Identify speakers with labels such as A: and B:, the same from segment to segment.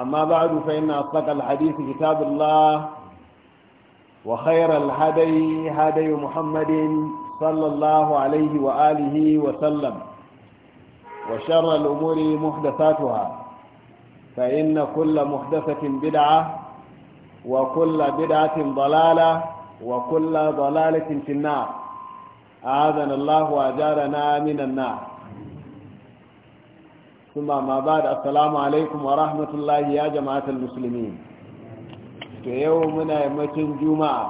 A: أما بعد فإن أصدق الحديث كتاب الله وخير الهدي هدي محمد صلى الله عليه وآله وسلم وشر الأمور محدثاتها فإن كل محدثة بدعة وكل بدعة ضلالة وكل ضلالة في النار أعاذنا الله وأجارنا من النار Tumama bada assalamu alaikum wa rahmatullahi ya jama'atan musulmi. Da yau muna yammacin juma'a.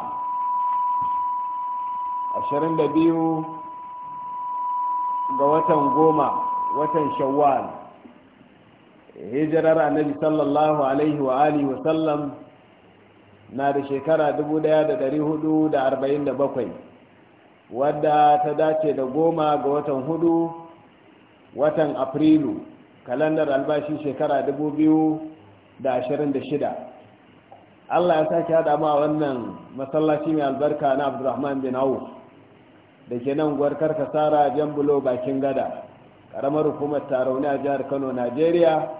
A: Ashirin da biyu ga watan goma, watan Shawwa. Hijrar annabi sallallahu alaihi wa'ai wa'ai wa sallam na da shekara dubu ɗaya da Wadda ta dace da goma ga watan hudu watan Afrilu. kalandar albashi shekara da shida Allah ya sake hada ma wannan masallaci mai albarka na Abdurrahman bin Auf da ke nan gwarkar kasara bulo bakin gada karamar hukumar tarauni a jihar Kano Najeriya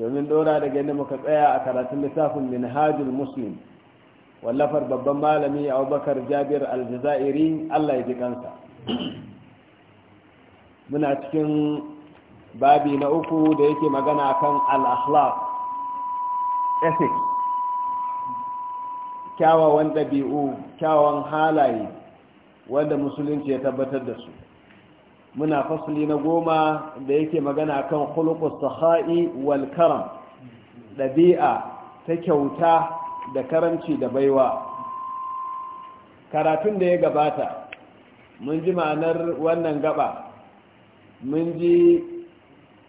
A: domin dora da gani muka tsaya a karatun littafin Minhajul Muslim wallafar babban malami Abubakar Jabir Aljazairi Allah ya ji kansa muna cikin babi na uku da yake magana kan al ethics kyawawan ɗabi'u kyawawan halaye wanda musulunci ya tabbatar da su muna fasali na goma da yake magana kan hulukus saha'i wal karam ɗabi'a ta kyauta da karamci da baiwa karatun da ya gabata mun ji ma'anar wannan gaba mun ji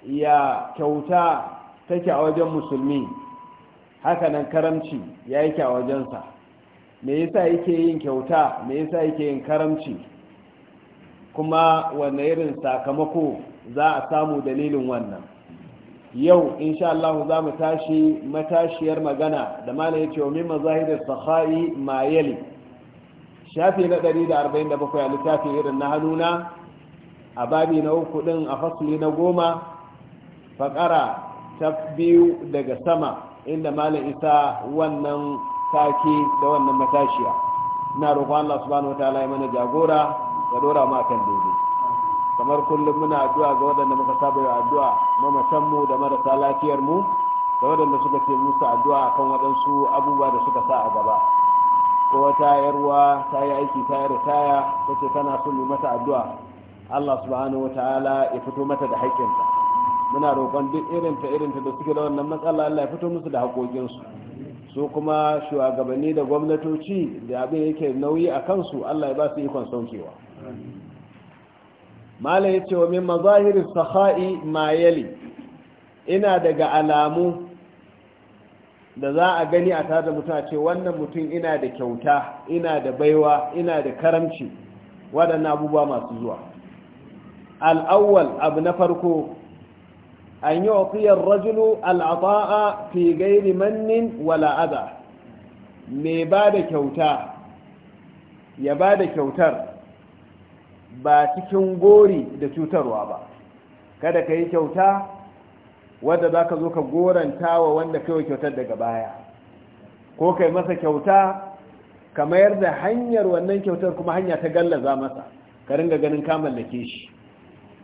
A: ya kyauta take a wajen musulmi hakanan karamci ya yake a wajensa me yasa yake yin kyauta me yasa yake yin karamci kuma wanne irin sakamako za a samu dalilin wannan yau insha Allah za mu tashi matashiyar magana da malam ya ce wa min mazahidar sakhai mayeli shafi na 147 a littafin irin na hannuna a babi na uku din a fasli na goma fakara ta biyu daga sama inda malam isa wannan take da wannan matashiya na roƙon Allah subhanahu wataala ya mana jagora ya dora ma akan daidai kamar kullum muna addu'a ga waɗanda muka saba yi addu'a matan mu da marasa lafiyar mu da waɗanda suka ce musu addu'a kan waɗansu abubuwa da suka sa a gaba ko wata yarwa ta yi aiki ta yi ritaya ta ce tana son yi mata addu'a Allah subhanahu wataala ya fito mata da haƙƙinta muna roƙon duk irinta irinta da suke da wannan matsala Allah ya fito musu da haƙoƙinsu su kuma shugabanni da gwamnatoci da abin yake nauyi a kansu Allah ya ba su ikon saukewa mala ya ce wa min mazahiri saha'i mayali ina daga alamu da za a gani a tada da mutum a ce wannan mutum ina da kyauta ina da baiwa ina da karamci waɗannan abubuwa masu zuwa al'awwal abu na farko an yi الرجل العطاء في غير من ولا wala aza mai ba kyauta ya ba kyautar ba cikin gori da cutarwa ba kada ka yi kyauta wadda za ka zo ka goranta wa wanda kai kyautar daga baya ko kai masa kyauta ka mayar da hanyar wannan kyautar kuma hanya ta gallaza masa ka ringa ganin ka mallake shi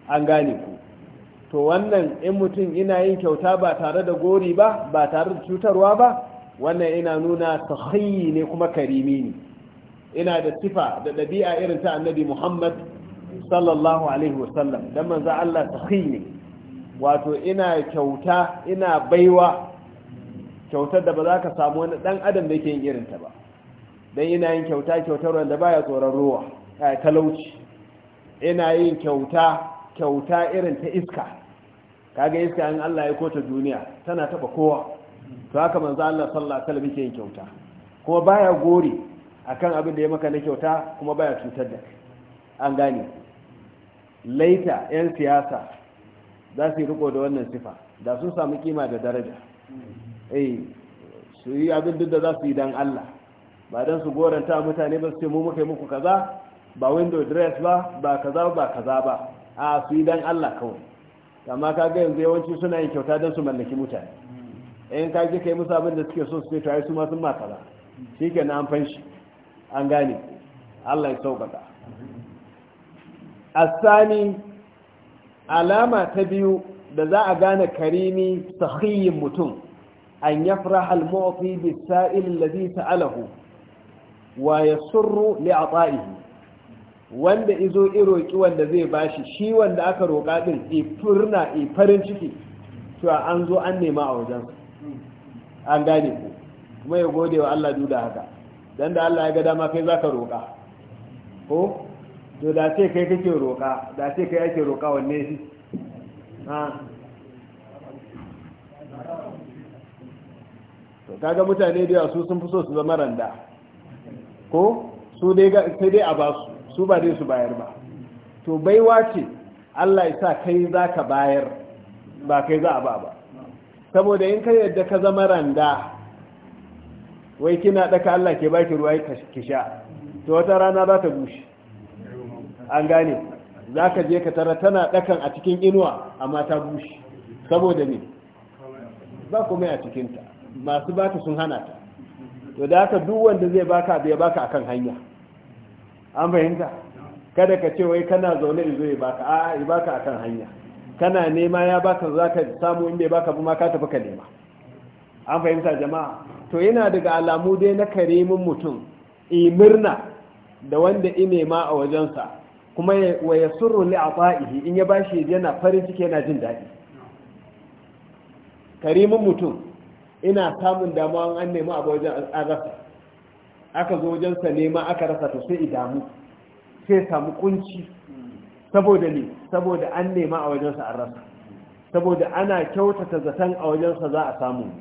A: an gane ku to wannan in mutum ina yin kyauta ba tare da gori ba ba tare da cutarwa ba wannan ina nuna hanyi ne kuma karimi ne ina da sifa da ɗabi'a irin ta annabi muhammad sallallahu alaihi wasallam don manzo allah sahihi ne wato ina kyauta ina baiwa kyautar da ba za ka samu wani ɗan adam da ke yin irinta ba don ina yin kyauta kyautar wanda baya tsoron ruwa eh, talauci ina yin kyauta kyauta irin ta iska kaga iska in Allah ya kota duniya tana taba kowa to haka manzo Allah sallallahu alaihi wasallam yake yin kyauta kuma baya gori akan abin da ya maka na kyauta kuma baya cutar da an gane laita yan siyasa za su riko da wannan sifa da sun samu kima da daraja eh su yi abin duk da za su yi dan Allah ba dan su goranta mutane ba su ce mu muka yi muku kaza ba window dress ba ba kaza ba kaza ba a su yi dan Allah kawai kama ka ga yanzu yawanci suna yin kyauta don su mallaki mutane in ka ji kai musu abin da suke so su fito ai su ma sun shi ke na amfan shi an gane allah ya sauƙaƙa asani alama ta biyu da za a gane karimi sahiyin mutum an yafra al bisa bis sa'il alladhi sa'alahu wa yasurru li wanda izo roƙi wanda zai bashi shi wanda aka roƙa din e furna e farin ciki to an zo an nema a wajen an gane ku kuma ya gode wa Allah duda haka dan da Allah ya ga dama kai zaka roƙa ko to da sai kai kake roƙa da sai kai ake roƙa wanne shi ha to kaga mutane da su sun fi so su zama randa ko su dai sai dai a basu su ba dai su bayar ba to baiwa ce Allah ya sa kai za ka bayar ba kai za a ba ba saboda in ka yadda ka zama randa wai kina daka Allah ke baki ruwa ki sha to wata rana za ta bushe an gane za ka je ka tara tana dakan a cikin inuwa amma ta bushe saboda ne ba komai a cikinta masu bata sun hana ta to da haka duk wanda zai baka abu ya baka akan hanya an fahimta kada ka ce wai kana zaune izo ya baka a ya baka akan hanya kana nema ya baka za ka samu in bai baka kuma ka tafi ka nema an fahimta jama'a to yana daga alamu dai na karimin mutum imirna da wanda inema a wajensa kuma wa yasurru li ata'ihi in ya bashi yana farin ciki yana jin daɗi karimin mutum ina samun damuwa an nemi a wajen azasa aka zo wajensa nema aka rasa to sai idamu sai samu kunci saboda ne saboda an nema a wajensa an rasa saboda ana kyautata zaton a wajensa za a samu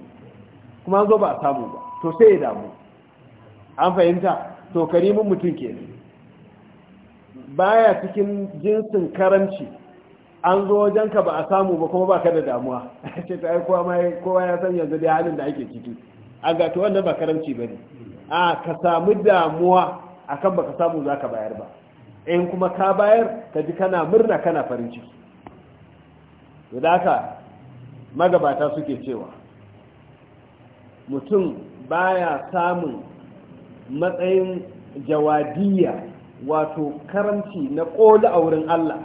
A: kuma zo ba a samu ba to sai idamu an fahimta to karimin mutum ke baya cikin jinsin karamci. an zo wajenka ba a samu ba kuma ba ka da damuwa ce ta kowa ya san yanzu da halin da ake ciki a ga to wannan ba karamci ba ne a ka samu damuwa akan baka samu za ka bayar ba in kuma ka bayar ka ji kana murna kana farin ciki da haka magabata suke cewa mutum baya samun matsayin jawadiyya wato karanci na ƙoli a wurin Allah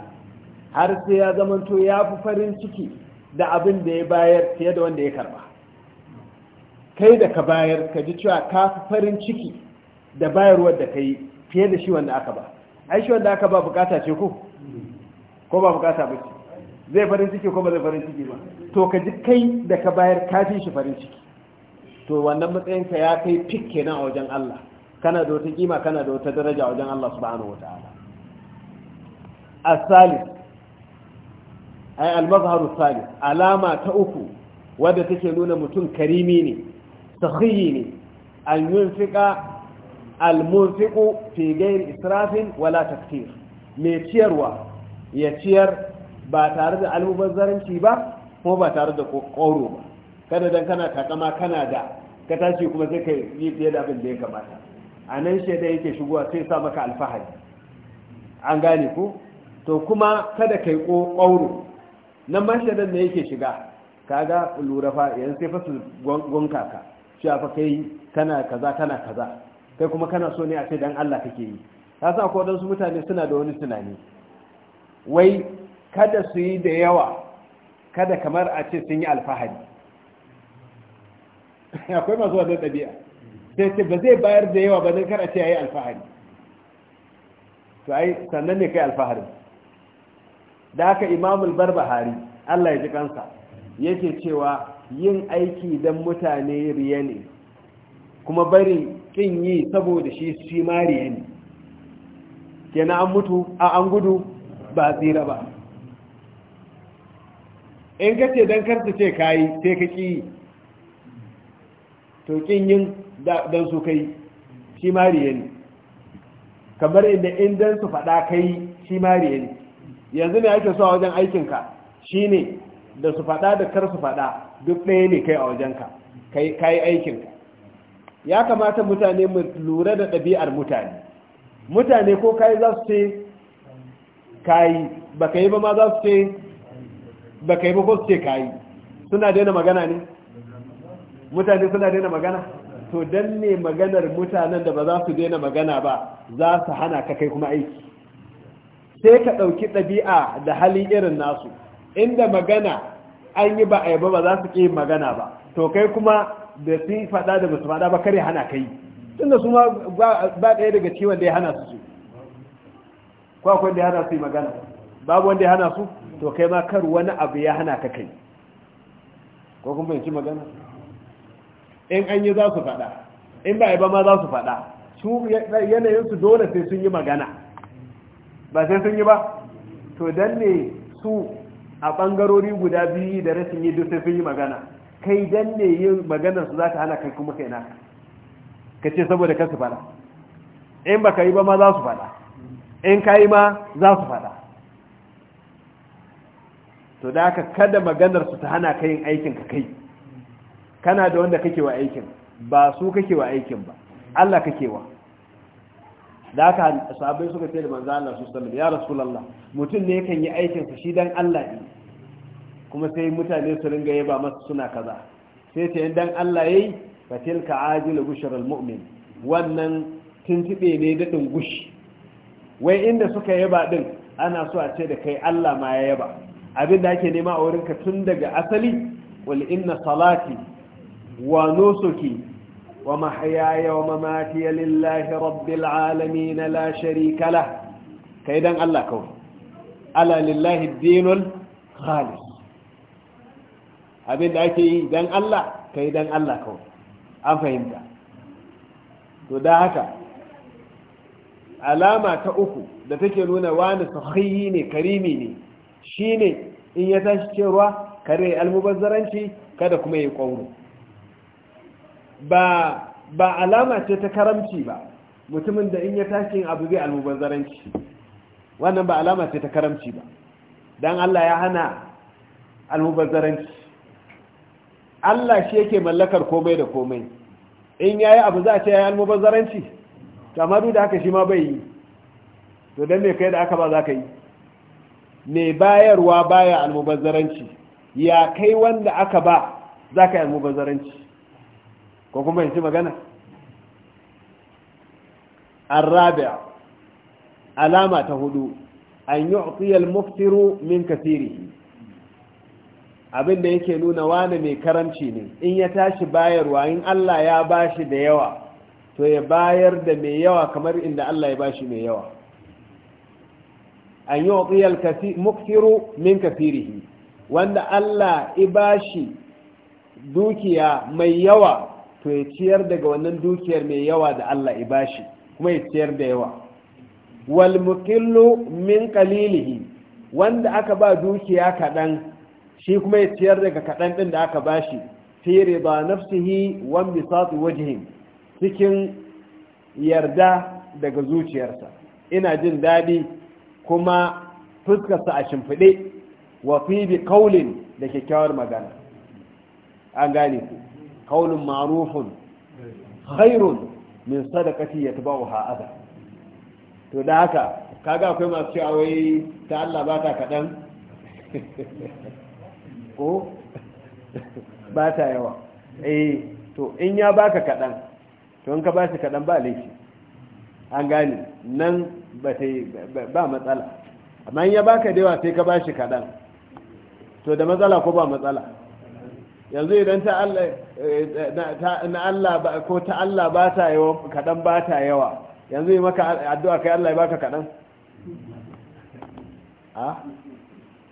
A: har sai ya zamanto ya fi farin ciki da abin da ya bayar fiye da wanda ya karba kai da ka bayar ka ji cewa ka fi farin ciki da bayarwar da ka yi fiye da shi wanda aka ba ai shi wanda aka ba bukata ce ko ko ba bukata ba ce zai farin ciki ko ba zai farin ciki ba to ka ji kai da ka bayar ka fi shi farin ciki to wannan matsayinka ya kai fik kenan a wajen Allah kana da wata kima kana da wata daraja a wajen Allah subhanahu wataala asali ai al-mazharu salih alama ta uku wadda take nuna mutum karimi ne sakhiyi ne an yunfika almunfiqu fi israfin wala taktir mai ciyarwa ya ciyar ba tare da almubazzaranci ba ko ba tare da kokoro ba kada dan kana takama kana da ka tashi kuma sai ka yi fiye abin da ya kamata a nan shaida yake shigowa sai sa maka alfahari an gane ku to kuma kada kai ƙauro nan ma shaidan da yake shiga kaga lura fa yanzu sai fasu gonka ka cewa fa kai kana kaza kana kaza kai kuma kana so ne a ce dan Allah kake yi ka sa ko dan su mutane suna da wani tunani wai kada su yi da yawa kada kamar a ce sun yi alfahari akwai masu wannan ɗabi'a sai ce ba zai bayar da yawa ba don kar a ce ya yi alfahari to ai sannan ne kai alfahari da aka imamul barbahari Allah ya ji kansa yake cewa yin aiki don mutane riya ne kuma bari kin yi saboda shi shi ma riya ne Kena an mutu a an gudu ba tsira ba in ka ce don karta ce kayi sai ka ƙi to kin yin don su kai shi ma riya ne kamar inda in su faɗa kai shi ma riya ne yanzu ne ake so a wajen aikinka shi ne da su faɗa da kar su faɗa duk ɗaya ne kai a wajenka kai kai aikinka ya kamata mutane mu lura da ɗabi'ar mutane mutane ko kai za su ce kayi ba ka yi ba ma za su ce ba ka yi ba ko su ce kayi suna daina magana ne mutane suna daina magana to don ne maganar mutanen da ba za su daina magana ba za su hana ka kai kuma aiki sai ka ɗauki ɗabi'a da hali irin nasu inda magana an yi ba a yaba ba za su ke magana ba to kai kuma da yi faɗa da ba su ba kare hana kai da su ma ba ɗaya daga ci wanda ya hana su su ko akwai wanda ya hana su yi magana babu wanda ya hana su to kai ma kar wani abu ya hana ka kai ko kun fahimci magana in an yi za su faɗa in ba a yaba ma za su faɗa su su dole sai sun yi magana ba sai sun yi ba to dan ne su a bangarori guda biyu da rashin yi duk sai yi magana kai dan ne yin maganar su zaka hana kai kuma kai naka ce saboda ka su fada in baka yi ba ma za su fada in kai ma za su fada to da haka kada maganar su ta hana kai yin aikin ka kai kana da wanda kake wa aikin ba su kake wa aikin ba Allah kake wa da haka sabai suka ce da manzo Allah su sallallahu ya rasulullah mutum ne yakan yi aikin sa shi dan Allah ne kuma sai mutane su ringa yaba masa suna kaza sai ta dan Allah yayi fa tilka ajilu bushral mu'min wannan tuntube ne dadin gushi wai inda suka yaba din ana so a ce da kai Allah ma ya yaba abin da ake nema a wurinka tun daga asali wal inna salati wa nusuki wa mahyaya wa mamati lillahi rabbil alamin la sharika lah kai dan Allah kawai ala lillahi dinul khalis abin da ake yi dan Allah ka yi dan Allah kawai an fahimta to da haka alama ta uku da take nuna wani sahihi ne karimi ne shine in ya tashi cewa kare almubazzaranci kada kuma yi kwauru ba ba alama ce ta karamci ba mutumin da in ya tashi abu zai almubazzaranci wannan ba alama ce ta karamci ba dan Allah ya hana almubazzaranci Allah shi yake mallakar komai da komai in yayi abu za a ce yayi almubazzaranci to amma duk da haka shi ma bai yi to dan me kai da aka ba za ka yi me bayarwa baya almubazzaranci ya kai wanda aka ba za ka yi almubazzaranci ko kuma yanci magana الرابع alama ta hudu an yi min kasirihi abin da yake nuna wani mai karamci ne in ya tashi bayarwa in Allah ya bashi da yawa to ya bayar da mai yawa kamar inda Allah ya bashi mai yawa an yi waƙiyar muktiru min kafirihi wanda Allah ya bashi dukiya mai yawa to ya ciyar daga wannan dukiyar mai yawa da Allah ya bashi kuma ya ciyar da yawa wal muqillu min qalilihi wanda aka ba dukiya kaɗan shi kuma ya ciyar daga kaɗan ɗin da aka bashi fi riba nafsihi wan bisatu wajihin, cikin yarda daga zuciyarsa ina jin daɗi kuma fuskarsa a shimfiɗe wa fi bi kaulin da kyakkyawar magana an gane ku kaulin marufun khairun min sadakati ya tuba wa to da haka kaga akwai masu cewa wai ta Allah ba ta kaɗan ko ba ta yawa eh to in ya baka kaɗan to in ka ba shi kaɗan ba laifi an gane nan ba ba matsala amma in ya baka da yawa sai ka ba shi kaɗan to da matsala ko ba matsala yanzu idan eh, eh, na Allah ko ta Allah ba ta yawa kaɗan ba ta yawa yanzu yi maka addu'a kai Allah ya baka kaɗan ah?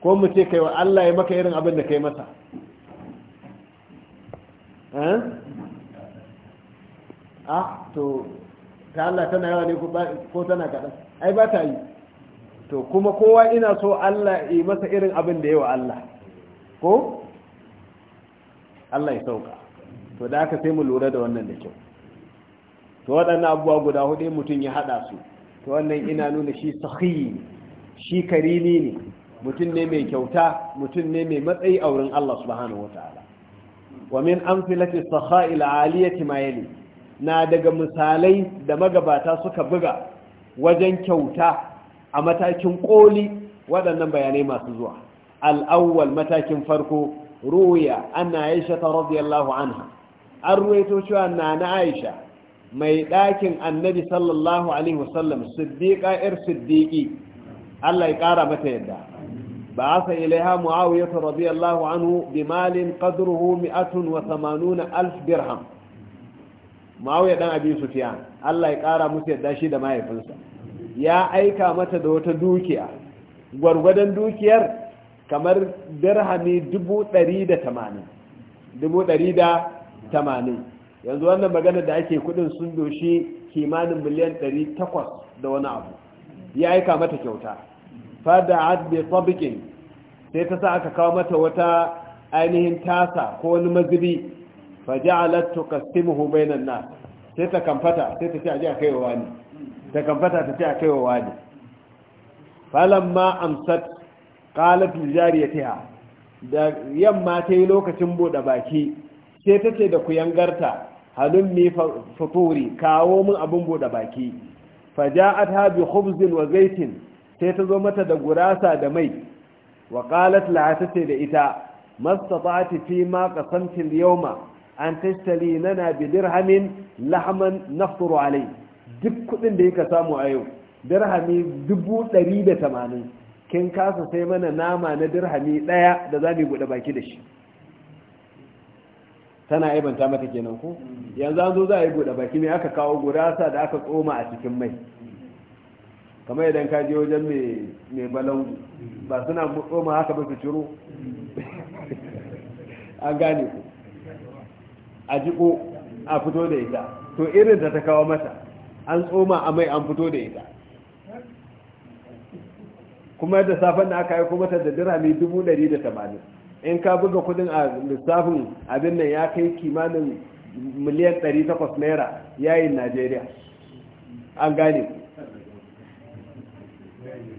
A: ko mu ce kai wa Allah ya maka irin abin da kai masa eh? ah to ta Allah tana yawa ne ko tana kaɗan ai ba ta yi to kuma kowa ina so Allah ya masa irin abin da yawa Allah ko Allah ya sauka to da aka sai mu lura da wannan da kyau to waɗannan abubuwa guda hudu mutum ya haɗa su to wannan ina nuna shi sahi shi karimi ne mutum ne mai kyauta mutum ne mai matsayi a wurin Allah subhanahu wataala wa min amfilati sakha'il aliyati ma na daga misalai da magabata suka buga wajen kyauta a matakin koli waɗannan bayanai masu zuwa al-awwal matakin farko ruya anna aisha radiyallahu anha an ruwaito cewa na na aisha mai ɗakin annabi sallallahu alaihi wasallam siddiƙa 'yar siddiƙi allah ya ƙara mata yadda بعث إليها معاوية رضي الله عنه بمال قدره مئة وثمانون ألف درهم معاوية دان أبي سفيان الله يقارى مسيح داشي دا ما يفنسا يا أيكا متى دوتا دوكيا ورودا دوكيا كمر دبو تريد dukiyar دبو تريد 180 yanzu wannan magana da ake kudin sun doshi kimanin miliyan 800 da wani abu ya aika mata kyauta fada'at bi sabiqin sai ta sa aka kawo mata wata ainihin tasa ko wani mazubi faja'alat tuqsimuhu bainan nas sai ta kamfata sai ta ce a je a kaiwa wani ta kamfata ta ce a kaiwa wani falamma amsat qalat li jariyatiha da yamma ta yi lokacin bude baki sai ta ce da ku yangarta halun mi futuri kawo min abun bude baki faja'at ha bi khubzin wa zaitin sai ta zo mata da gurasa da mai wa qalat ce da ita mastata'ati fi ma qasamti al-yawma an tashtali lana bi dirhamin lahman nafturu alai duk kuɗin da yake samu a yau dirhami 180 kin kasa sai mana nama na dirhami ɗaya da za mu bude baki da shi tana aibanta mata kenan ko yanzu an zo za a yi bude baki mai aka kawo gurasa da aka tsoma a cikin mai kamar idan ka je wajen mai balon ba suna tsoma haka ba su ciro an gane ku a jiko a fito da ita to irin da ta kawo mata an tsoma a mai an fito da ita kuma da safen da aka yi kuma ta da dirami tamanin in ka buga kudin a lissafin abin nan ya kai kimanin miliyan ɗari 800 naira yayin najeriya an gane ku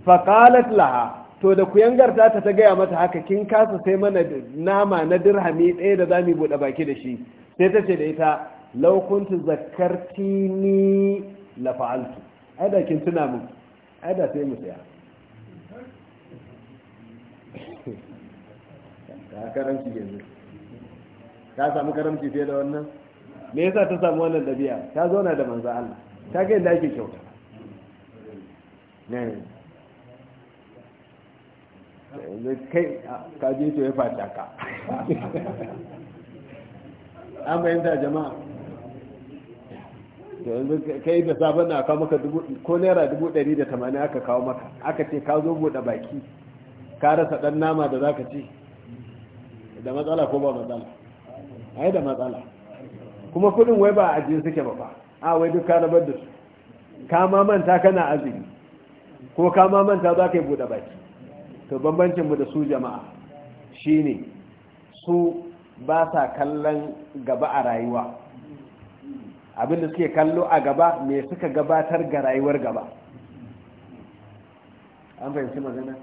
A: faƙalat laha to da kuyangar ta ta gaya mata haka kin kasa sai mana nama na dirhami ɗaya da za mu buɗe baki da shi sai ta ce da ita laukuntu zakarti ni la fa'altu ai da kin tuna mu ai da sai mu tsaya ka karamci yanzu ka samu karamci fiye da wannan me yasa ta samu wannan dabi'a ta zauna da manzo Allah ta ga yadda ake kyauta ne kai ka je to ya fata ka an bayanta jama'a yanzu kai da sabon na kawo maka ko naira dubu ɗari da tamanin aka kawo maka aka ce ka zo buɗe baki ka rasa ɗan nama da za ka ce da matsala ko ba matsala ai da matsala kuma kudin wai ba a ajiye suke ba fa a wai duk ka rabar da su ka ma manta kana azumi ko ka ma manta za ka yi buɗe baki to bambancinmu da su jama'a shine su ba sa kallon gaba a rayuwa abinda suke kallo a gaba me suka gabatar ga rayuwar gaba an fahimci magana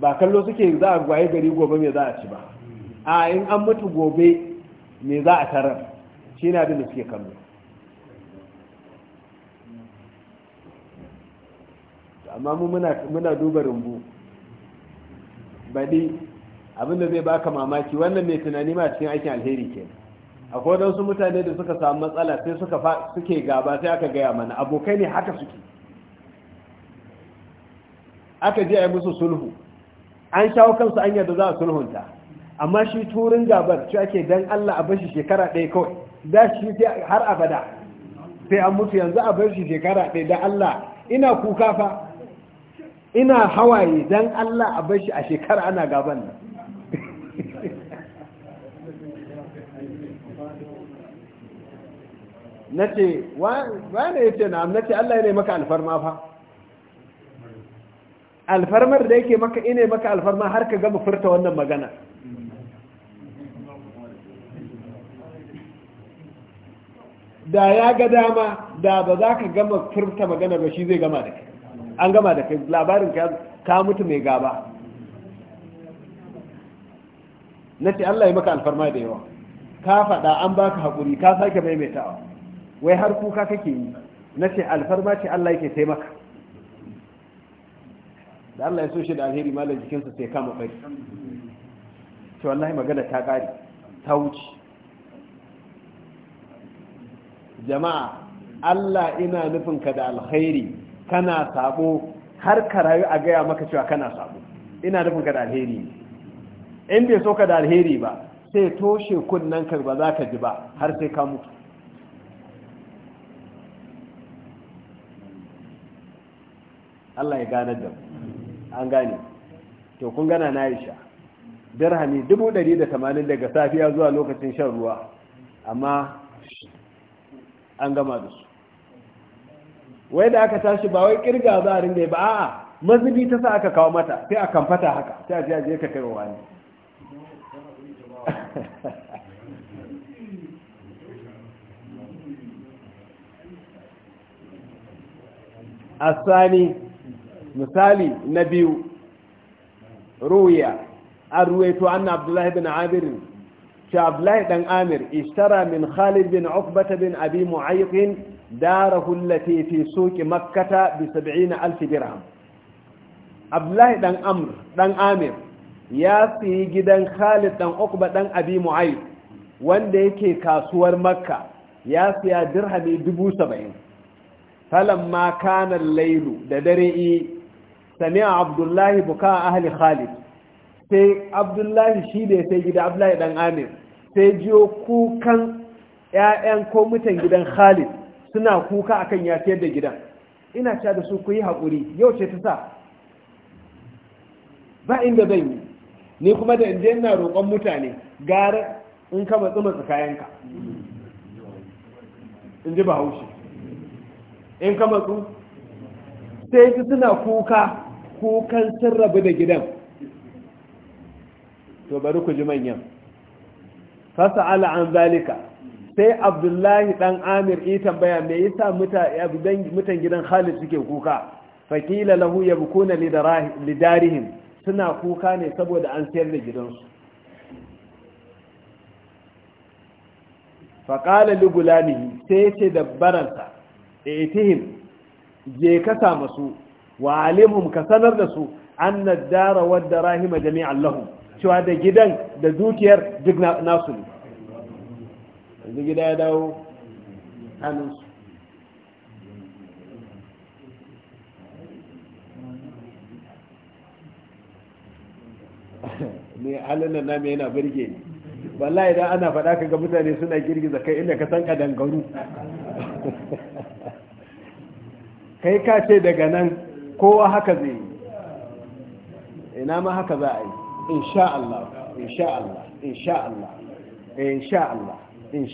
A: ba kallo suke za a gwaye gari gobe me za a ci ba a in an mutu gobe me za a tarar shi abin abinda suke kallo amma mu muna duba rumbu baɗi abinda zai baka mamaki wannan mai tunani ma cikin aikin alheri ke akwai wadansu mutane da suka samu matsala sai suka suke gaba sai aka gaya mana abokai ne haka suke aka je a musu sulhu an shawo kansu an da za a sulhunta amma shi turin gabar shi ake dan Allah a bashi shekara ɗaya kawai da shi har abada sai an mutu yanzu a bashi shekara ɗaya da Allah ina kuka fa ina hawaye don Allah a bashi a shekara ana gaban nan na ce wane ya ce na ce Allah ne maka alfarma fa alfarmar da yake maka ine maka alfarma har ka gama furta wannan magana da ya ga dama da ba za ka gama furta magana ba shi zai gama da kai an gama da kai labarin ka mutu mai gaba na ce Allah ya maka alfarma da yawa ka faɗa an baka haƙuri ka sake maimaitawa wai har kuka kake yi na ce alfarma ce Allah yake taimaka da Allah ya so shi da alheri malar jikinsa sai kama bai to wallahi magana ta ƙari ta wuce jama'a Allah ina nufinka da alkhairi kana sabo har ka rayu a gaya maka cewa kana sabo ina nufin ka da alheri in bai so ka da alheri ba sai toshe kunnen ka ba za ka ji ba har sai ka mutu Allah ya gane da an gane to kun gana na isha dirhami 180 daga safiya zuwa lokacin shan ruwa amma an gama da su wai da aka tashi ba wai kirga za a ringa ba a'a mazubi ta sa aka kawo mata sai a kamfata haka sai a je ka kai wa ne asani misali na biyu ruya an ruwaito anna abdullahi bin abir ce abdullahi dan amir ishtara min khalid bin ukbata bin abi mu'ayyiqin darahu allati fi makkata bi 70000 dirham abdullahi dan amr dan amir ya siyi gidan khalid dan uqba dan abi mu'ayyid wanda yake kasuwar makka ya siya dirhami 70 falamma kana al-lailu da dare'i sami'a abdullahi buka ahli khalid sai abdullahi shi ne sai gida abdullahi dan amir sai jiyo kukan 'ya'yan ko mutan gidan khalid suna kuka akan ya sayar da gidan ina cewa da su ku yi haƙuri yau ce ta sa ba inda zan yi ni kuma da inda yana roƙon mutane gara in ka matsu matsu kayanka in ji bahaushe in ka matsu sai su suna kuka kukan sun rabu da gidan to bari ku ji manyan ala an zalika sai abdullahi Ɗan amir yi tambaya yi yasa mutan gidan khalid suke kuka fakila lahu na lidarihim suna kuka ne saboda an sayar da gidansu faƙala ligulanihi sai ya ce dabbaransa itihim je ka samu su wa alimun ka sanar da su an dara wadda rahima jami'an lahu cewa da gidan da dukiyar duk nasu ne yanzu gida ya dawo hannunsu ne halin nan nami yana birge ne wallahi idan ana faɗa ka ga mutane suna girgiza kai inda ka san dangaru kai ka ce daga nan kowa haka zai yi ina ma haka za a yi insha Allah insha Allah insha Allah insha Allah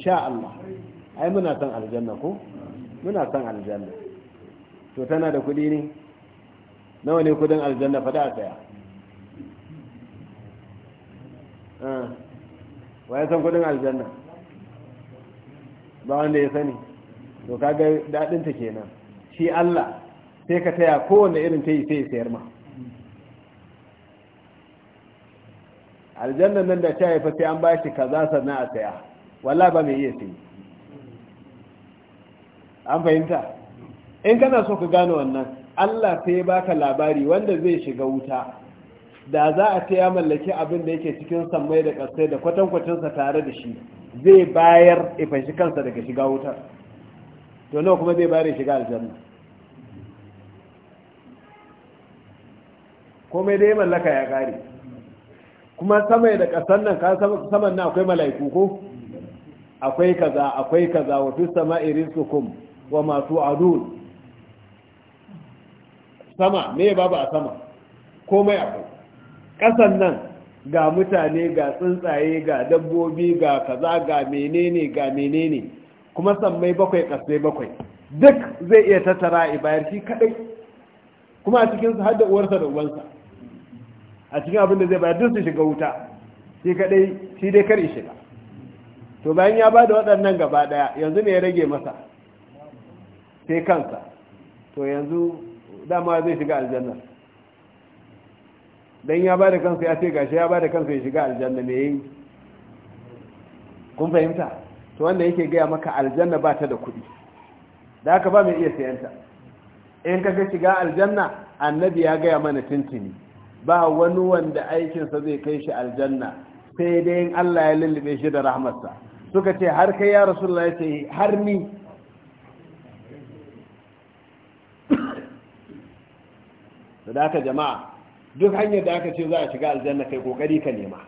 A: sha Allah ai muna san aljanna ko muna san aljanna to tana da kuɗi ne nawa ne kudin aljanna fa da tsaya ah. wa ya san kudin aljanna ba wanda ya sani to kaga ta kenan shi Allah sai ka taya kowanne irin ta yi sai sayar ma Aljanna nan da ta haifa sai an ba shi kaza sannan a tsaya Wala ba mai iya sai? an fahimta in kana so ka gane wannan Allah sai ya baka labari wanda zai shiga wuta da za a ta ya mallaki abin da yake cikin sammai da ƙasai da kwatankwacinsa tare da shi zai bayar ifanshi kansa daga shiga wutar to nawa kuma zai bayar shiga aljanna komai dai mallaka ya ƙare kuma sama da ƙasar nan kan saman na akwai mala'iku ko akwai kaza akwai kaza wa fi sama'i rizqukum wa ma tu'adun sama me babu a sama komai akwai kasan nan ga mutane ga tsuntsaye ga dabbobi ga kaza ga menene ga menene kuma sammai bakwai kasai bakwai duk zai iya tattara a bayar shi kadai kuma a cikin su hadda uwarsa da uwansa a cikin abin da zai bayar duk su shiga wuta shi kadai shi dai kar shiga to bayan ya bada waɗannan gaba ɗaya yanzu ne ya rage masa sai kansa to yanzu dama zai shiga aljanna don ya bada kansa ya ce gashi ya bada kansa ya shiga aljanna me yi kun fahimta to wanda yake gaya maka aljanna ba ta da kuɗi da aka ba mai iya sayanta in ka ga shiga aljanna annabi ya gaya mana tintini ba wani wanda aikinsa zai kai shi aljanna sai dai in Allah ya lullube shi da rahmarsa suka ce har kai ya rasulullah ya ce har ni da aka jama'a duk hanyar da aka ce za a shiga aljanna kai kokari ka nema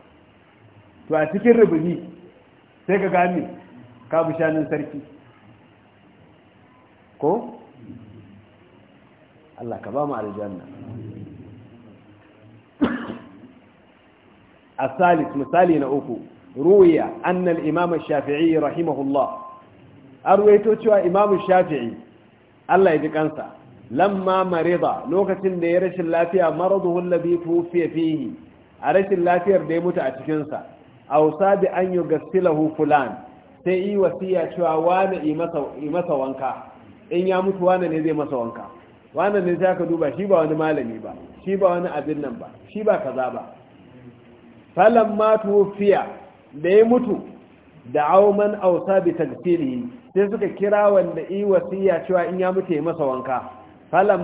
A: to a cikin rubuni sai ka gami ka bi shanin sarki ko Allah ka ba mu aljanna asalis misali na uku روي أن الإمام الشافعي رحمه الله أرويتو تشوى إمام الشافعي الله يدك أنسى لما مرض لوكة ديرش اللافية مرضه الذي توفي فيه أرش اللافية ديموت أتكنسى أو صاد أن يغسله فلان سيئي وسيئة تشوى وانا إمسا وانكا إن يموت وانا نزي مسا وانكا وانا نزاك دوبا شيبا وانا مالني با شيبا وانا أبنن با شيبا كذابا فلما توفي da ya mutu da auman ausa bi tagfirihi sai suka kira wanda yi wasiya cewa in ya mutu ya masa wanka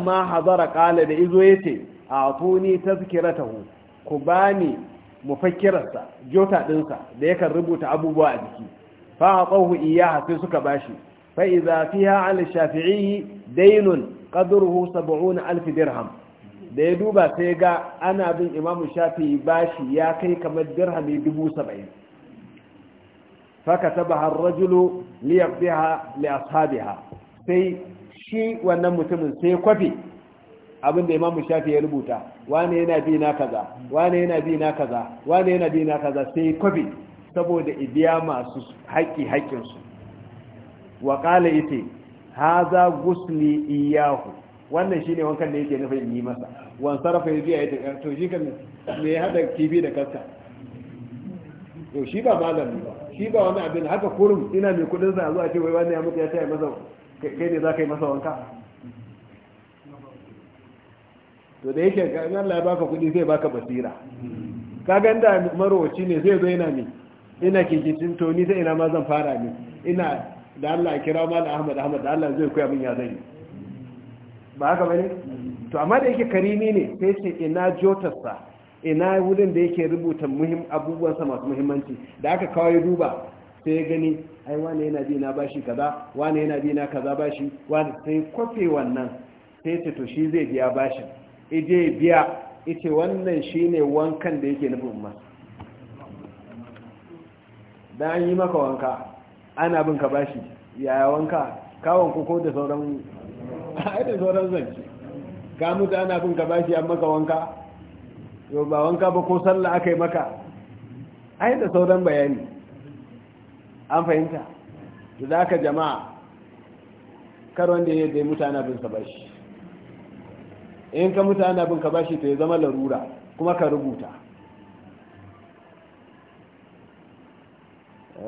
A: ma hazara kala da izo ya ce yace atuni tazkiratahu ku bani mufakkirarsa jota dinsa da ya kan rubuta abubuwa a jiki fa atahu iyaha sai suka bashi fa idza fiha ala shafi'i daynun qadruhu 70000 dirham da ya duba sai ga ana bin imamu shafi'i bashi ya kai kamar dirhami saba'in. fakatabaha ar-rajulu liyaqdiha li ashabiha sai shi wannan mutumin sai kwafi abin da imamu shafi ya rubuta wane yana bi na kaza wane yana bi na kaza wane yana bi na kaza sai kwafi saboda ibiya masu haƙi haƙinsu wa ƙala ita haza gusli iyahu wannan shine wankan da yake nufin yi masa wan sarrafa ya biya ya to shi kan me hada kibi da kasta? to shi ba malami ba shi ba wani abin haka kurum ina mai kudin sa zuwa ce wai wani ya mutu ya taya masa kai ne za ka yi masa wanka to da yake ga Allah ya baka kudi zai baka basira ka ganda marowaci ne zai zo ina ne ina kinkicin to ni sai ina ma zan fara ne ina da Allah kira mal Ahmad Ahmad da Allah zai koya min ya zai ba haka bane to amma da yake karimi ne sai ce ina jotarsa ina wurin da yake rubuta muhim abubuwansa masu muhimmanci da aka kawai duba sai ya gani ai wane yana bi na bashi kaza wane yana bi na kaza bashi wane sai kwafe wannan sai ta to shi zai biya bashin ije biya Ice wannan shine wankan da yake nufin ma dan an yi maka wanka ana bin ka bashi yaya wanka kawon koko da sauran ai da sauran zance ka mutu ana bin ka bashi an maka wanka yau ba wanka ba ko sallah aka yi maka ai da sauran bayani an fahimta da za ka jama'a kar wanda ya dai mutane bin ka bashi in ka mutane bin ka bashi to ya zama larura kuma ka rubuta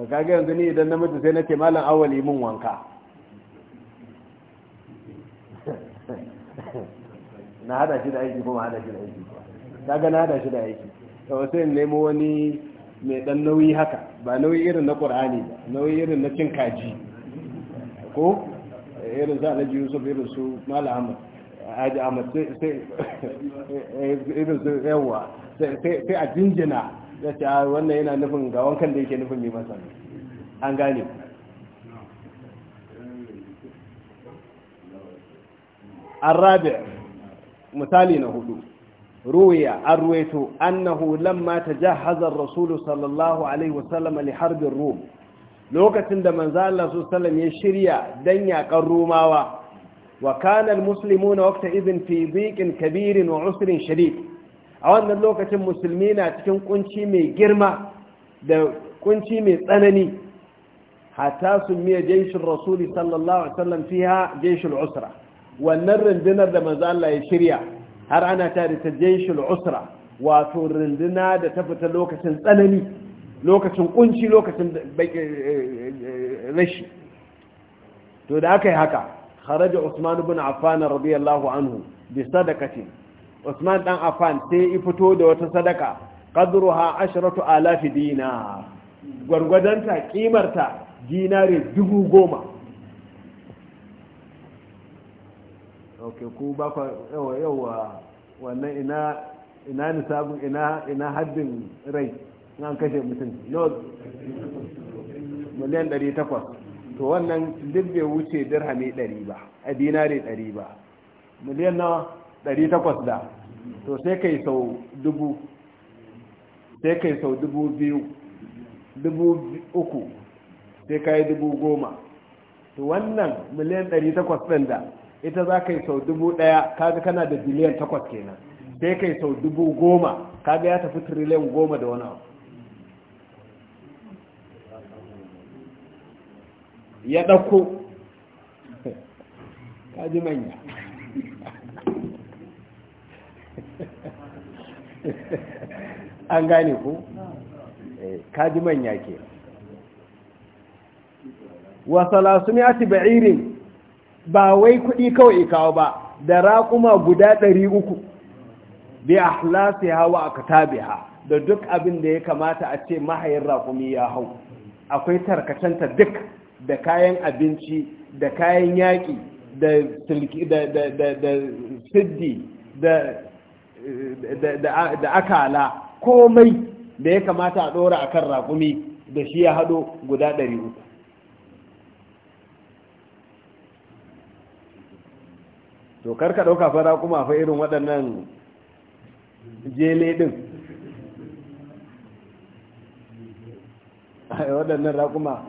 A: kaga yanzu ni idan namiji sai nace malam awali mun wanka na hada shi da aiki kuma hada shi da aiki ta gana da shi da aiki wasu sai nemo wani mai dan nauyi haka ba nauyi irin na ƙorani ba nauyi irin na cin kaji ko irin za na jiyo yusuf irin su mala ahmad haji ahmad sai sai eh, irin su Yawwa sai a jinjina ya ce ah, wannan yana nufin ga wankan da yake nufin mai masa an gane misali na hudu. ruwiya an ruwaito annahu lamma tajahaza ar-rasul sallallahu lokacin da manzo Allah ya shirya dan yakan rumawa wa kana al-muslimuna waqta fi dhiqin kabirin wa usrin shadid a wannan lokacin musulmi na cikin kunci mai girma da ƙunci mai tsanani hatta sumiya miya rasuli sallallahu alaihi wasallam fiha usra wannan rundunar da manzo ya shirya har ana ta da ta usra wato rinduna da ta fita lokacin tsanani lokacin kunci lokacin eh, eh, rashi to da aka yi haka kharaja usman ibn affan radiyallahu anhu bi sadaqati usman dan affan sai ya fito da wata sadaka qadruha ashratu alafi dinar gwargwadonta kimarta dinare dubu goma ok ku ba kwa yawa yawa wannan ina ina ni sabu ina ina haddin rai an kashe mutum no miliyan 800 to wannan duk bai wuce dirhami 100 ba a dinare 100 ba miliyan nawa 800 da to sai kai sau dubu sai kai sau dubu biyu dubu uku sai kai dubu goma to wannan miliyan 800 din da ita za ka yi sau dubu ɗaya kaga kana da biliyan takwas kenan sai ka yi sau dubu goma kaga ya tafi triliyan goma da wani abu ya ɗauko kaji manya an gane ku eh, kaji manya ke wa salasu ne ba'irin ba wai kuɗi kawai kawo ba da raƙuma guda ɗari uku bi ahlasi hawa a da duk abin da ya kamata a ce mahayin raƙumi ya hau akwai tarkacenta duk da kayan abinci da kayan yaƙi da siddi da akala komai da ya kamata a ɗora a kan raƙumi da shi ya haɗo guda ɗari uku to ka ɗauka fara kuma fa irin waɗannan jele ɗin waɗannan raƙuma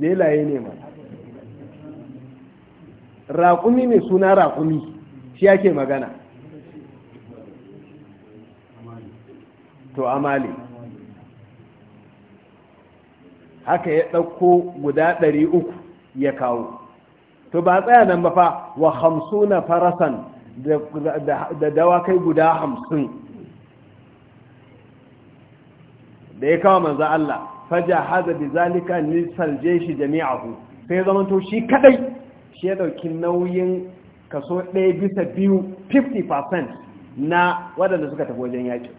A: jelaye ne ma raƙumi mai suna raƙumi shi yake magana to amali haka ya ɗauko guda ɗari uku ya kawo to ba tsaya nan ba fa wa hamsuna farasan da dawakai guda hamsin da ya kawo manzan Allah faja haza bi zalika nisal jeshi jami'ahu sai to shi kadai shi ya dauki nauyin kaso ɗaya bisa biyu 50% na waɗanda suka tafi wajen yaki.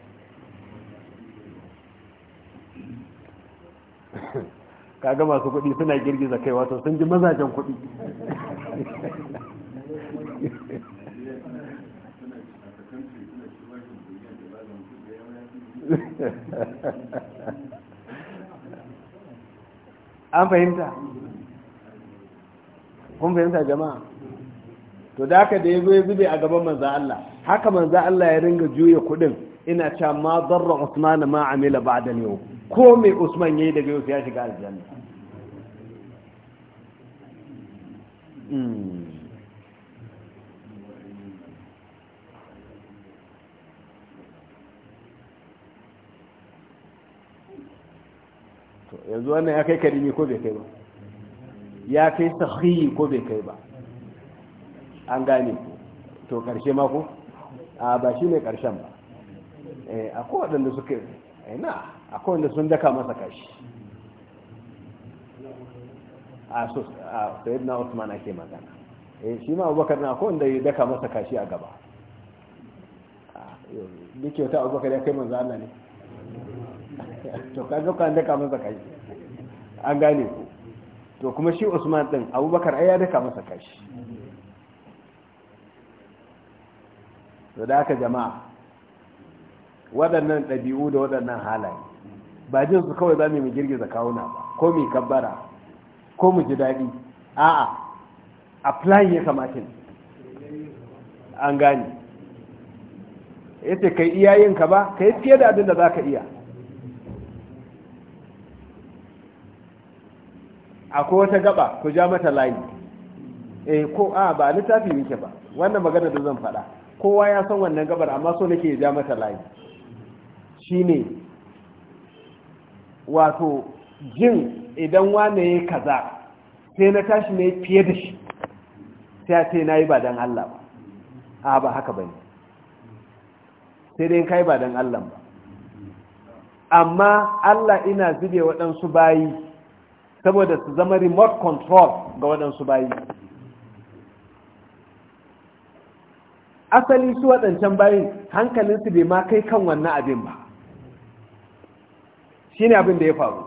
A: kaga masu kuɗi suna girgiza kai wato sun ji mazajen kuɗi an fahimta kun fahimta jama'a to da aka da ya zo ya zube a gaban manza Allah haka manza Allah ya ringa juya kuɗin ina cewa ma zarra usman ma amila ba'da yau ko mai usman ya yi daga yau ya shiga aljanna hmm. yanzu wannan ya kai karimi ko bai kai ba ya kai sahihi ko bai kai ba an gane to karshe mako a ba shi ne karshen ba eh, a kowaɗanda suka yi eh, na akwai wanda sun daka masa kashi a sayid na usman ake magana eh shi ma abubakar na akwai wanda ya daka masa kashi a gaba duk kyauta abubakar ya kai manzo Allah ne to ka zo ka daka masa kashi an gane ku to kuma shi usman din abubakar ai ya daka masa kashi to da haka jama'a waɗannan ɗabi'u da waɗannan halaye ba jin su kawai za mu mu girgiza kawuna ba ko mu kabbara ko mu ji daɗi a applying ya kamata an gane ce kai iyayen ka ba kai fiye da abin da ka iya akwai wata gaba ku ja mata layi eh ko a ba littafi muke ba wannan magana da zan faɗa kowa ya san wannan gabar amma so nake ya ja mata layi shine wato jin idan wane ya kaza sai na tashi ne fiye da shi sai ce na yi ba don Allah ba a ba haka ba ne sai dai kai ba don Allah ba amma Allah ina zube waɗansu bayi saboda su zama remote control ga waɗansu bayi asali su waɗancan bayin hankalinsu bai ma kai kan wannan abin ba Shi ne abin da ya faru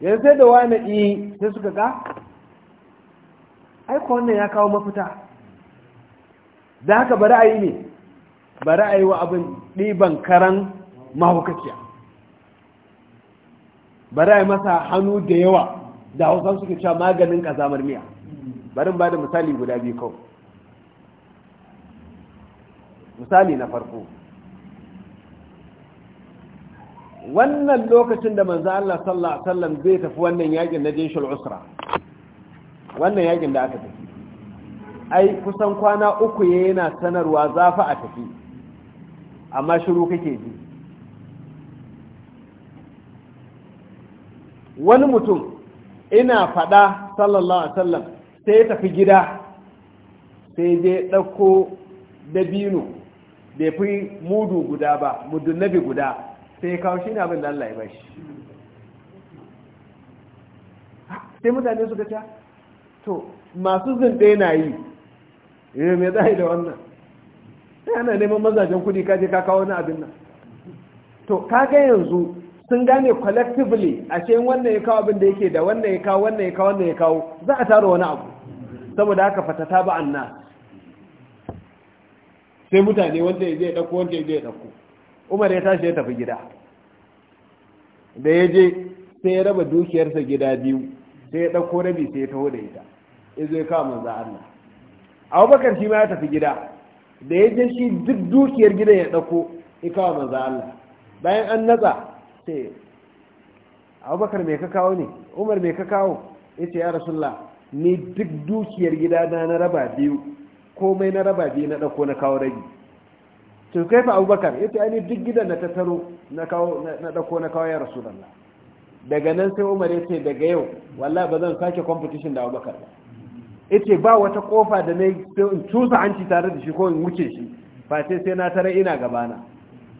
A: yanzu sai da wani yi sai suka ga aiko wannan ya kawo mafita da haka bari a yi ne bari a yi wa abin ɗiban karan mahaukaciya bari a yi masa hannu da yawa da hausa suke cewa maganin kazamar miya bari ba da misali guda biyu kawai misali na farko wannan lokacin da manzo Allah sallallahu alaihi wasallam zai tafi wannan yakin na jinshul usra wannan yakin da aka tafi ai kusan kwana uku yana sanarwa zafi a tafi amma shiru kake ji wani mutum ina fada sallallahu alaihi wasallam sai ya tafi gida sai je dauko dabino bai fi mudu guda ba nabi guda sai ya kawo shi ne abin da Allah ya ba shi sai mutane suka gata to masu zinɗe na yi eh, yi mai zai da wannan sai ana neman mazajen kudi kaje ka kawo wani abin nan to kaga yanzu sun gane collectively a ce wannan ya kawo abin da yake da wannan ya kawo wannan ya kawo wannan ya kawo za a tara wani abu saboda haka fatata ba annas sai mutane wanda ya zai ya dauko wanda ya zai ya dauko umar ya tashi ya tafi gida da ya je sai ya raba dukiyarsa gida biyu sai ya ɗauko rabi sai ya taho da ita izo ya kawo manzo Allah Abubakar shi ma ya tafi gida da ya je shi duk dukiyar gidan ya ɗauko ya kawo manzo Allah bayan an natsa sai Abubakar me ka kawo ne Umar me ka kawo ce ya Rasulullah ni duk dukiyar gida na na raba biyu komai na raba biyu na ɗauko na kawo rabi to kai fa abubakar ya ce ainihin duk gidan da ta taro na ɗauko na kawo ya rasu daga nan sai umar ya daga yau walla ba zan sake competition da abubakar ba ya ba wata kofa da na in cusa hanci tare da shi ko in wuce shi ba sai sai na tare ina gabana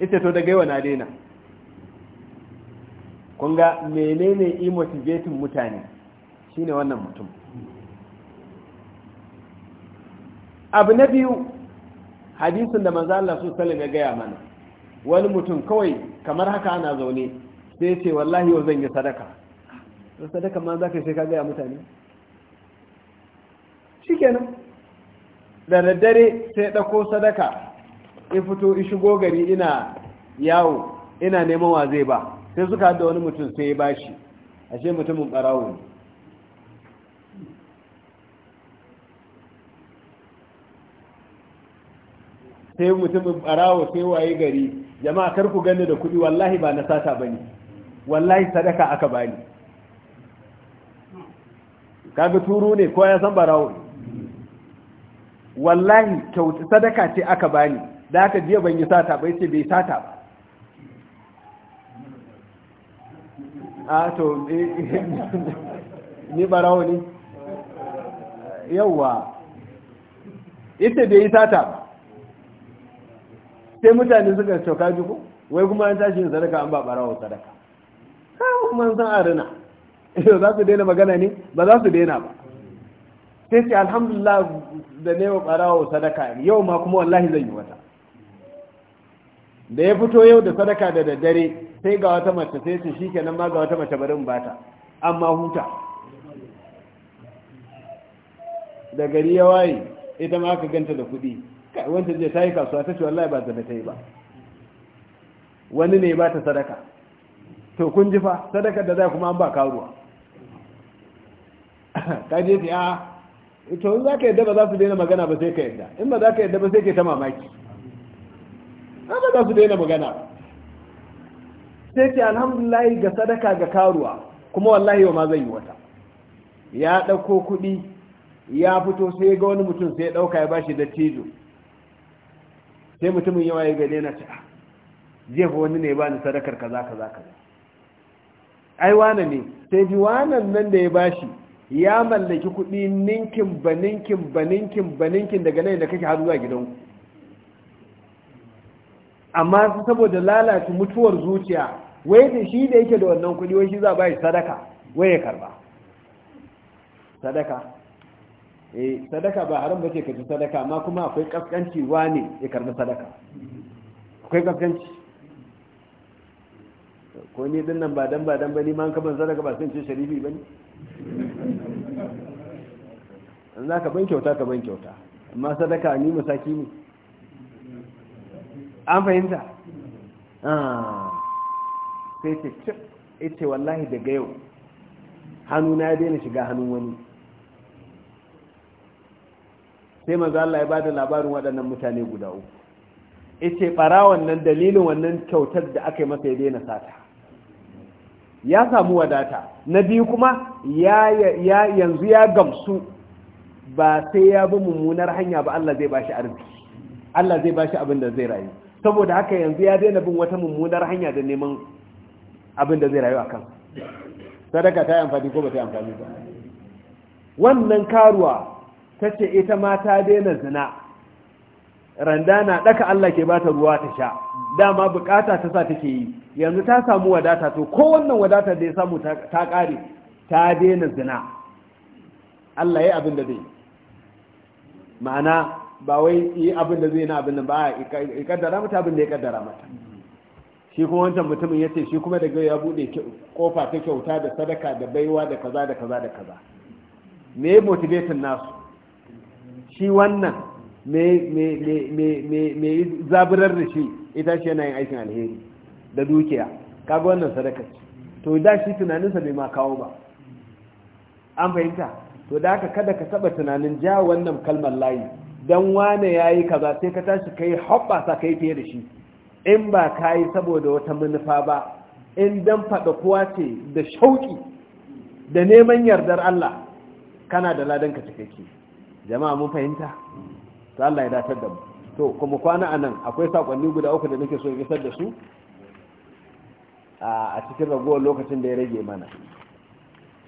A: ya ce to daga yau na daina kun ga menene imotivating mutane shine wannan mutum abu na biyu hadisin da manzo Allah su sallam ya gaya mana wani mutum kawai kamar haka ana zaune sai ce wallahi yau zan yi sadaka to sadaka ma zaka sai ka gaya mutane shikenan da daddare sai ɗauko sadaka in fito in shigo gari ina yawo ina neman wa zai ba sai suka hada wani mutum sai ya bashi ashe mutumin barawo sai mutumin barawo sai waye gari jama'a kar ku gani da kuɗi wallahi ba na sata bane wallahi sadaka aka bani kaga turu ne ko ya san barawo wallahi kyauta sadaka ce aka bani da aka jiya ban yi sata ba yace bai sata ba a to eh, ni barawo ne
B: yawa
A: ita bai yi sata ba sai mutane suka cauka jiko wai kuma an tashi yin sadaka an ba barawa sadaka man san arina yau za su daina magana ne ba za su daina ba sai sai alhamdulillah da ne wa barawa sadaka yau ma kuma wallahi zan yi wata da ya fito yau da sadaka da daddare sai ga wata mace sai ce shi kenan ma ga wata mace barin bata amma huta da gari ya waye ita ma aka ganta da kuɗi wanda je ta yi kasuwa ta ce wallahi ba zabe ta yi ba wani ne ba ta sadaka to kun ji fa sadaka da zai kuma an ba karuwa ka je ta a ah, to in za ka yadda ba za su daina magana ba sai ka yadda in ba za ka yadda ba sai ka ta mamaki an ah, ba za su daina magana sai ce alhamdulahi ga sadaka ga karuwa kuma wallahi wa ma zai yi wata ya ɗauko kuɗi ya fito sai ga wani mutum sai ya ɗauka ya bashi da cizo sai mutumin yawa ya gade na ci'a jefa wani ne ba ni sadakar kaza kaza kaza ai wane ne sai ji nan da ya bashi ya mallaki kuɗi ninkin ba ninkin ba ninkin ba ninkin daga nan da kake har zuwa gidanku amma saboda lalata mutuwar zuciya wai da shi da yake da wannan kuɗi wai shi za a shi, sadaka wai ya karba sadaka eh sadaka ba haram bace ka ci sadaka amma kuma akwai kaskanci wane ya karbi sadaka akwai kaskanci ko ni din nan ba dan ba dan ba ni ma ka ban sadaka ba sun ce sharifi bane za ka ban kyauta ka ban kyauta amma sadaka ni masaki ne an fahimta ah. sai ce ce ita wallahi daga yau hannu na daina shiga hannun wani sai manzo Allah ya bada labarin waɗannan mutane guda uku yace ɓara wannan dalilin wannan kyautar da aka yi masa ya daina sata ya samu wadata na biyu kuma ya yanzu ya gamsu ba sai ya bi mummunar hanya ba Allah zai bashi arziki Allah zai bashi abin da zai rayu saboda haka yanzu ya daina bin wata mummunar hanya da neman abin da zai rayu akan sadaka ta yi amfani ko ba ta yi amfani ba wannan karuwa ta ce ita ma ta daina zina randa na ɗaka Allah ke bata ruwa ta sha dama bukata ta sa take yi yanzu ta samu wadata to ko wannan wadata da ya samu ta kare. ta daina zina Allah ya abin da zai ma'ana ba wai yi abin da zai na abin ba ya kaddara mata abin da ya kaddara mata shi kuma wancan mutumin ya ce shi kuma daga ya bude kofa ta kyauta da sadaka da baiwa da kaza da kaza da kaza me motivating nasu shi wannan mai zaburar da shi ita shi yana yin aikin alheri da dukiya kaga wannan sadaka ce to da shi tunaninsa bai ma kawo ba an fahimta to da haka kada ka taba tunanin ja wannan kalmar layi dan wane yayi kaza sai ka tashi kai ka kai fiye da shi in ba ka yi saboda wata manufa ba in dan faɗa kowa ce da shauƙi da neman yardar Allah kana da ladanka cikakke jama'a mun fahimta to Allah ya datar da mu to kuma kwana anan akwai sakonni guda uku da nake so in isar da su a cikin ragowar lokacin da ya rage mana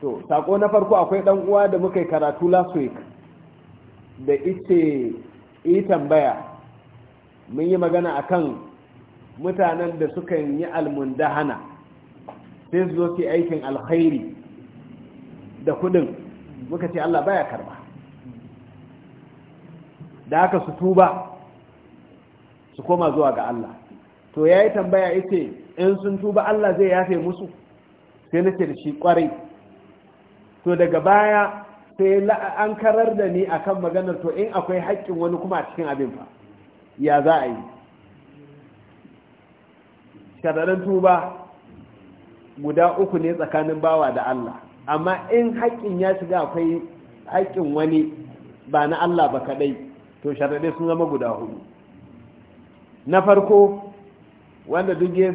A: to sako na farko akwai dan uwa da muka karatu last week da ita yi tambaya mun yi magana akan mutanen da suka yi almundahana sai su zo su aikin alkhairi da kudin muka ce Allah baya karba da aka su tuba su koma zuwa ga Allah to ya yi tambaya ita in sun tuba Allah zai yafe musu sai nake da shi kwarai to daga baya sai an karar da ni akan maganar to in akwai haƙƙin wani kuma a cikin abin fa ya za a yi sharaɗin tuba guda uku ne tsakanin bawa da Allah amma in haƙƙin ya shiga akwai haƙƙin wani ba na Allah ba kaɗai to sharaɗe sun zama guda hudu na farko wanda duk ya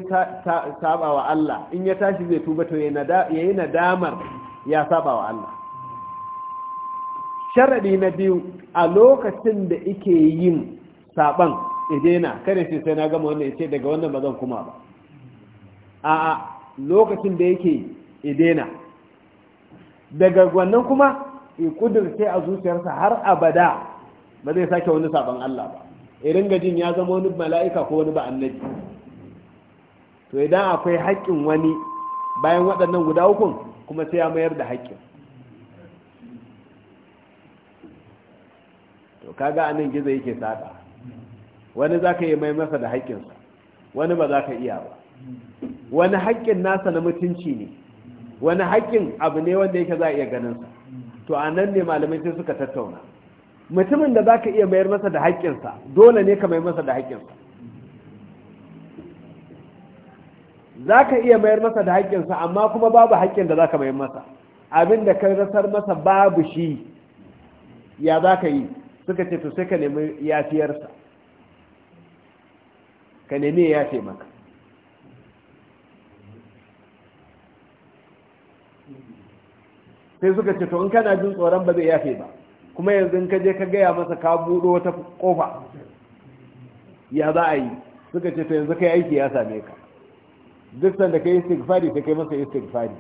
A: saba wa Allah in ya tashi zai tuba to ya yi nadamar ya saba wa Allah sharaɗi na biyu a lokacin da ike yin saban idena kare ce sai na gama wannan ya ce daga wannan ba zan kuma ba a lokacin da yake idena daga wannan kuma ya kudurce a zuciyarsa har abada ba zai sake wani sabon Allah ba irin gajin ya zama wani mala'ika ko wani ba annabi to idan akwai haƙƙin wani bayan waɗannan guda hukun kuma sai ya mayar da haƙƙin to kaga anan gizo yake sada wani za ka yi mai masa da haƙƙinsa wani ba za ka iya ba wani haƙƙin nasa na mutunci ne wani haƙƙin abu ne wanda yake za a iya ganinsa to a nan ne malamai sai suka tattauna mutumin da za ka iya mayar masa da haƙƙinsa dole ne ka mayar masa da haƙƙinsa za ka iya mayar masa da haƙƙinsa amma kuma babu haƙƙin da za ka mayar masa abin da ka rasar masa babu shi ya za ka yi suka ce to sai ka nemi yafiyarsa ka nemi ya yafe maka sai suka ce to in kana jin tsoron ba zai yafe ba kuma yanzu ka je ka gaya masa ka buɗo wata ƙofa ya za a yi suka ce to yanzu kai aiki ya same ka duk sanda ka yi istighfari sai kai masa istighfari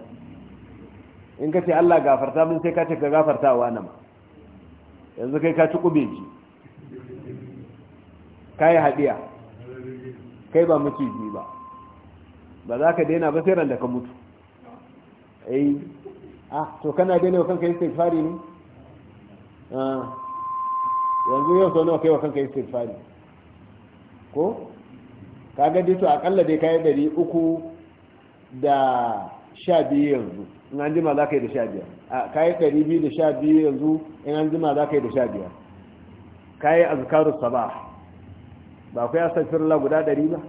A: in ka ce Allah gafarta mun sai ka ce ka gafarta wa nan yanzu kai ka ci kubeji ka yi haɗiya kai ba maciji ba ba za ka daina ba sai ran da ka mutu eh ah to kana daina kanka istighfari ne Ah. yanzu yau sau nawa kai wa kanka istighfari ko ka ga dito akalla dai kai dari uku da sha biyu yanzu in an jima za ka yi da sha biyar ka yi dari biyu da sha biyu yanzu in an jima za ka yi da sha biyar ka yi saba ba ku yi firla guda ɗari ba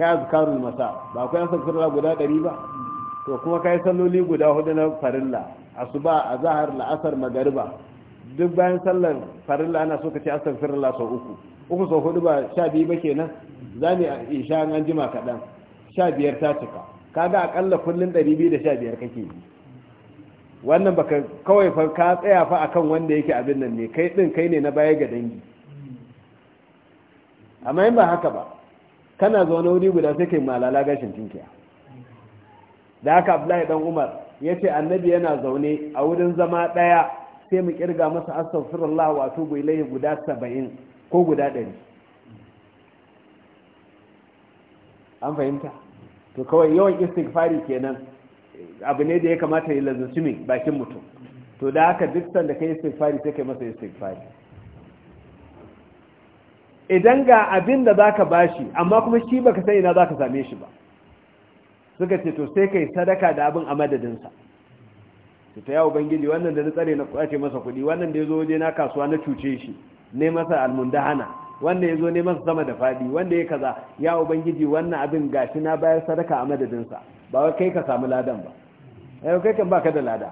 A: ka yi azkarul masa ba ku yi firla guda ɗari ba to kuma ka yi salloli guda hudu na farilla asuba zahar la'asar magariba duk bayan sallar farilla ana so ka ce astaghfirullah sau uku uku sau hudu ba sha biyu ba kenan za mu sha an jima kaɗan sha biyar ta cika Ka ga akalla kullum ɗari biyu da sha biyar kake yi wannan baka kawai fa ka tsaya fa akan wanda yake abin nan ne kai din kai ne na baya ga dangi amma in ba haka ba kana zaune wuri guda sai kai malala gashin tinkiya da haka abdullahi dan umar ya ce annabi yana zaune a wurin zama ɗaya sai mu kirga masa astaghfirullah wa atubu guda 70 ko guda 100 an fahimta to kawai yawan istighfari kenan abu ne da ya kamata ya lazanci mai bakin mutum to da haka duk sanda kai istighfari sai kai masa istighfari idan ga abin da zaka bashi amma kuma shi baka san ina zaka same shi ba suka ce to sai kai sadaka da abin a madadinsa sa ta ya ubangiji wannan da na tsare na kwace masa kudi wannan da ya zo waje na kasuwa na cuce shi ne masa almundahana wanda ya zo ne masa sama da fadi wanda ya kaza ya ubangiji wannan abin gashi na bayar sadaka a madadinsa ba wai kai ka samu ladan ba yau eh, kai kan baka da lada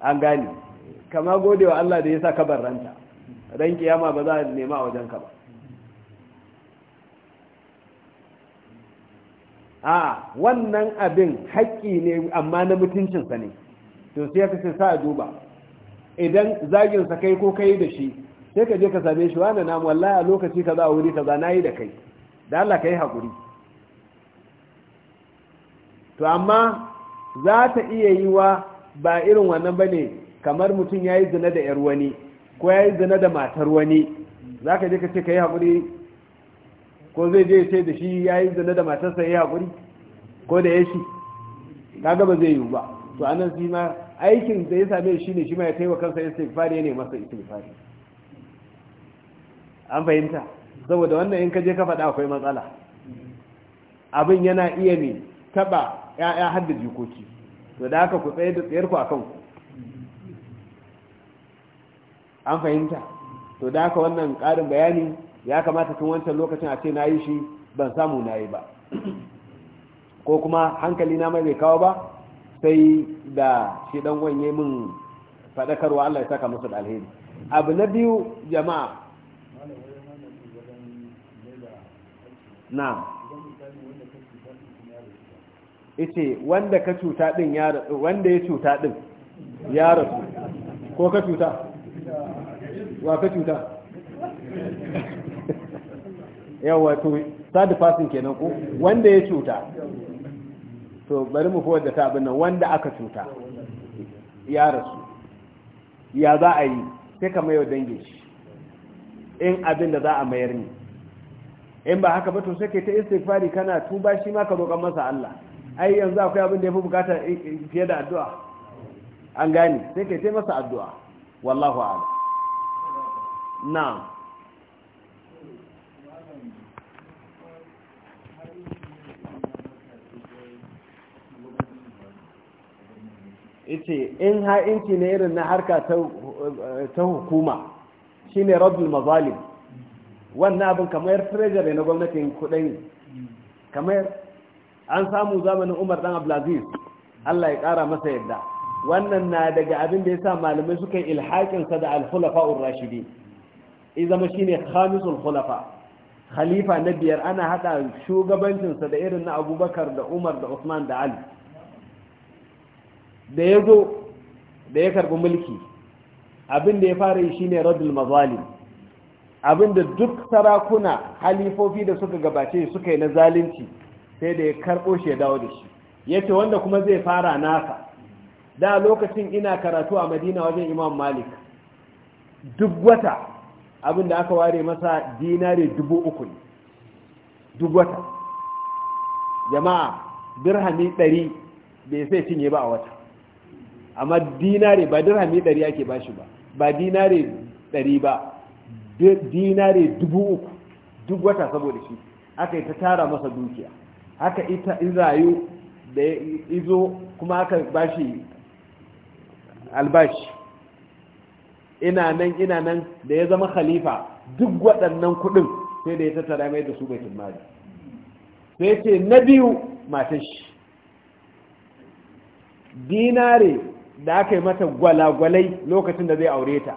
A: an gane kama gode Allah da ya sa ka ranta ran kiyama ba za a nema a wajenka ba a wannan abin haƙƙi ne amma na mutuncinsa ne to sai ka sa a duba idan zaginsa kai ko kai da shi sai ka je ka same shi wani na wallahi a lokaci kaza a wuri kaza na yi da kai da Allah ka yi haƙuri to amma za ta iya yi wa ba irin wannan ba ne kamar mutum ya yi zina da ‘yar wani ko ya yi zina da matar wani za ka je ka ce ka yi haƙuri ko zai je ce da shi ya yi zane da matarsa ya haƙuri ko da ya shi ta gaba zai yiwu ba to anan shi ma aikin da ya same shi ne shi ma ya taiwa kansa sai ya ne masa fari an fahimta saboda wannan in ka je ka faɗa akwai matsala abin yana iya ne taba ya'ya hada jikoki to da aka ku tsaye da tsayar ku akan ku an fahimta to da aka wannan ƙarin bayani ya kamata tun wancan lokacin a ce na yi shi ban samu na yi ba ko kuma hankali na mai bai kawo ba sai da shi dan wanye min fadakarwa Allah ya saka musu da alheri abu na biyu jama'a na ice wanda ka cuta din ya wanda ya cuta din ya rasu ko ka cuta wa ka cuta yawa to third person kenan ko wanda ya cuta to bari mu fowar da ta abin nan wanda aka cuta ya rasu ya za a yi sai ka mayo dange shi in abin da za a mayar ni in ba haka ba to sai kai ta istighfari kana tuba shi ma ka roƙa masa Allah ai yanzu akwai abin da yafi bukata eh, eh, fiye da addu'a an gane sai kai ta masa addu'a wallahu a'lam na'am yace in ha'inci ne irin na harka ta hukuma shine radul mazalim wannan abin kamar treasury na gwamnatin kudin kamar an samu zamanin Umar dan Abdulaziz Allah ya kara masa yadda wannan na daga abin da ya sa malamai suka yi ilhakin sa da al uRashidi. rashidin shi shine khamisul khulafa' khalifa na biyar ana haɗa shugabancinsa da irin na abubakar da umar da usman da ali da ya zo da ya karɓi mulki abin da ya fara yi shine radul mazalim abin da duk sarakuna halifofi da suka gabace suka yi na zalunci sai da ya karɓo shi ya dawo da shi ce wanda kuma zai fara nasa da lokacin ina karatu a Madina wajen Imam Malik duk wata abin da aka ware masa dinari dubu uku ne duk wata jama'a Birhami, ɗari bai sai cinye ba a wata amma dinare ba dirhami ɗari ake ba shi ba ba dinare ɗari ba dinare dubu uku duk wata saboda shi aka yi ta tara masa dukiya haka ita rayu da ya, izo kuma aka bashi albashi ina nan ina nan da ya zama khalifa duk waɗannan kuɗin sai da ya tattara mai da su bai mali sai ce na biyu matashi dinare da aka yi mata gwalagwalai lokacin da zai aure ta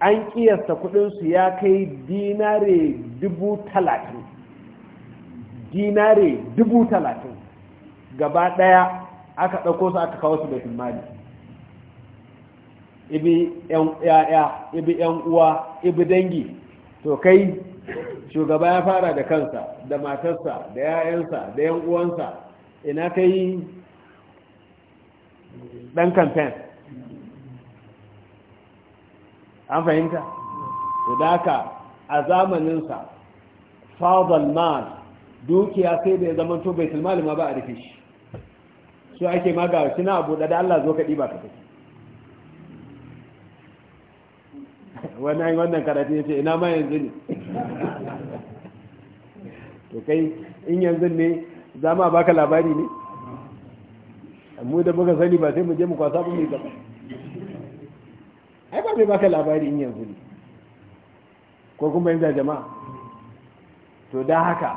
A: an kiyasta kudinsu ya kai dinare dubu talatin dinare dubu talatin gaba daya aka ɗauko su aka kawo su da filmali ibi yan yaya ibi yan uwa ibi dangi to kai shugaba ya fara da kansa da matarsa da 'ya'yansa da yan uwansa ina kai dan campaign an fahimta to da haka a zamaninsa fadal mal dukiya sai da ya zama to bai tilmali ma ba a rufe shi so ake magawa shi na abu da Allah zo ka ɗiba ka tafi wannan wannan karatu ya ce ina ma yanzu ne to kai in yanzu ne za ma baka labari ne mu da muka sani ba sai mu je mu kwasa ba mu gaba ai ba mai baka labari in yanzu ne ko kuma yanzu jama'a to da haka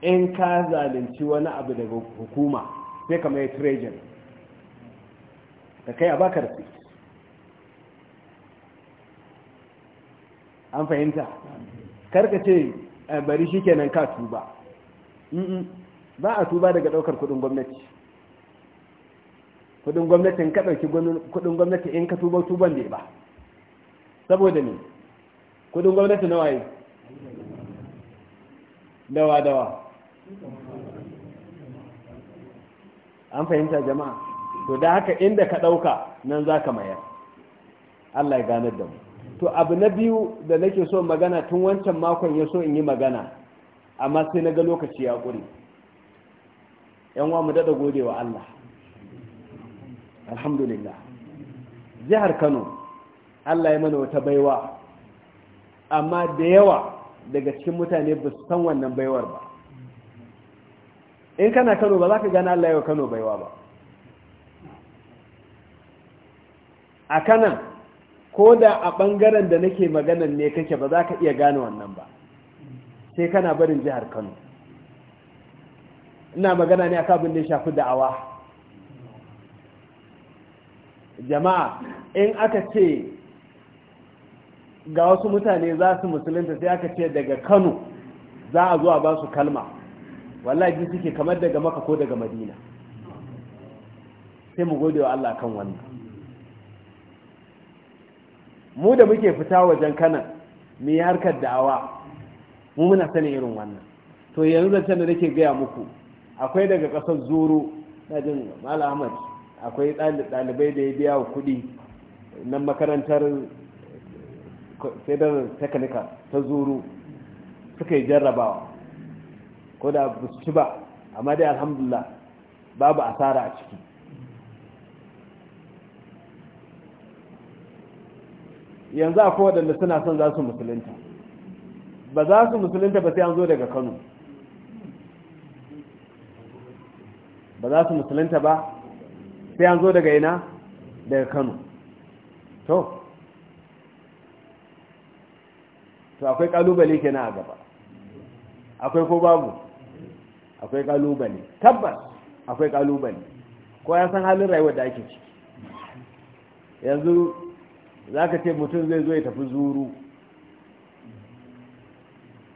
A: in ka zalunci wani abu daga hukuma sai ka mai treasure ka kai a bakar su an fahimta karka ce eh, bari shi kenan ka tuba ba a tuba daga daukar kudin gwamnati kudin gwamnati in ka ɗauki kudin gwamnati in ka tuba tuban bai ba saboda ne kudin gwamnati nawa waye dawa dawa an fahimta jama'a to da haka inda ka ɗauka nan za ka mayar Allah ya ganar da mu to abu na biyu da nake so magana tun wancan makon ya so in yi magana amma sai na ga lokaci ya ƙuri yan wa mu daɗa gode wa Allah alhamdulillah jihar kano allah ya mana wata baiwa amma da yawa daga cikin mutane ba su san wannan baiwar ba in kana kano ba za ka gana allah ya kano baiwa ba a kanan ko da a ɓangaren da nake maganan ne kake ba za ka iya gane wannan ba sai kana barin jihar kano ina magana ne a kabin da shafi da'awa jama'a in aka ce ga wasu mutane za su musulunta sai aka ce daga kano za a zuwa ba su kalma wallahi suke kamar daga maka ko daga madina sai mu gode wa Allah kan wannan mu da muke fita wajen kanan mu yi harkar da'awa mu muna sanin irin wannan to yanzu zancen da nake gaya muku akwai daga ƙasar zuru na jin mal akwai ɗalibai da ya biya wa kuɗi na makarantar federal technical ta zuru suka yi jarrabawa ko da ci ba amma dai alhamdulillah babu asara a ciki yanzu akwai waɗanda suna son za su musulunta ba za su musulunta ba sai an zo daga kano ba za su musulunta ba sai an zo daga ina daga kano to to akwai kalubale na a gaba akwai ko babu akwai kalubale tabbas akwai kalubale ko ya san halin rayuwar da ake ciki yanzu za ka ce mutum zai zo ya tafi zuru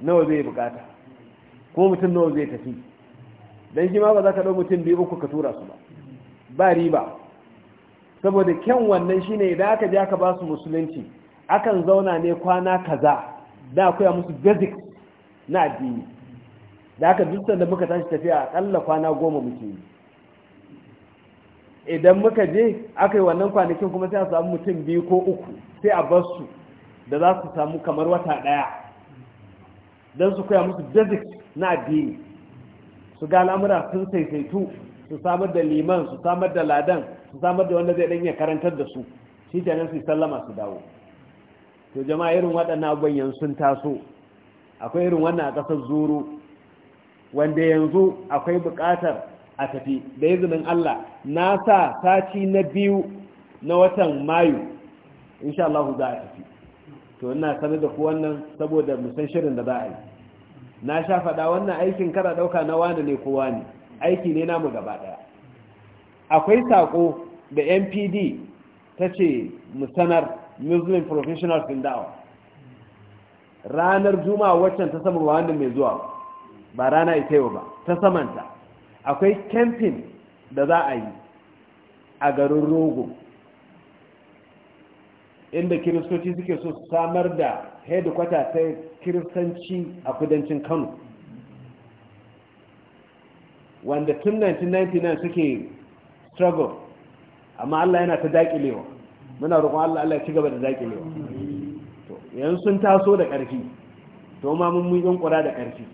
A: nawa zai bukata ko mutum nawa zai tafi don shi ma ba za ka ɗau mutum biyu uku ka tura su ba ba riba saboda kyan wannan shine idan aka je aka ba su musulunci akan zauna ne kwana kaza da koya musu basic na addini da aka dutsen da muka tashi tafiya akalla kwana goma muke yi idan muka je aka yi wannan kwanakin kuma sai a samu mutum biyu ko uku sai a bar su da za su samu kamar wata ɗaya don su koya musu basic na addini su ga al'amura sun saisaitu su samar da liman su samar da ladan su samar da wanda zai dan iya karantar da su shi kenan su sallama su dawo to jama'a irin waɗannan abubuwan yanzu sun taso akwai irin wannan a ƙasar zuru wanda yanzu akwai buƙatar a tafi da izinin Allah na sa sati na biyu na watan mayu insha Allah za a tafi to ina sanar da ku wannan saboda mu san shirin da za a yi na sha faɗa wannan aikin kara ɗauka na wani ne kowa ne aiki ne namu gaba daya akwai saƙo da NPD ta ce musanar Muslim professional in ranar juma'a waccan ta saman wannan mai zuwa ba rana ita yau ba ta samanta akwai kyamfin da za a yi a garin rogo inda kiristoci suke so samar da hedikwata ta kiristanci a kudancin kano wanda tun 1999 suke struggle amma Allah yana ta daƙilewa muna roƙon Allah Allah ya ci gaba da daƙilewa to yanzu sun taso da ƙarfi to ma mun mun yunkura da ƙarfi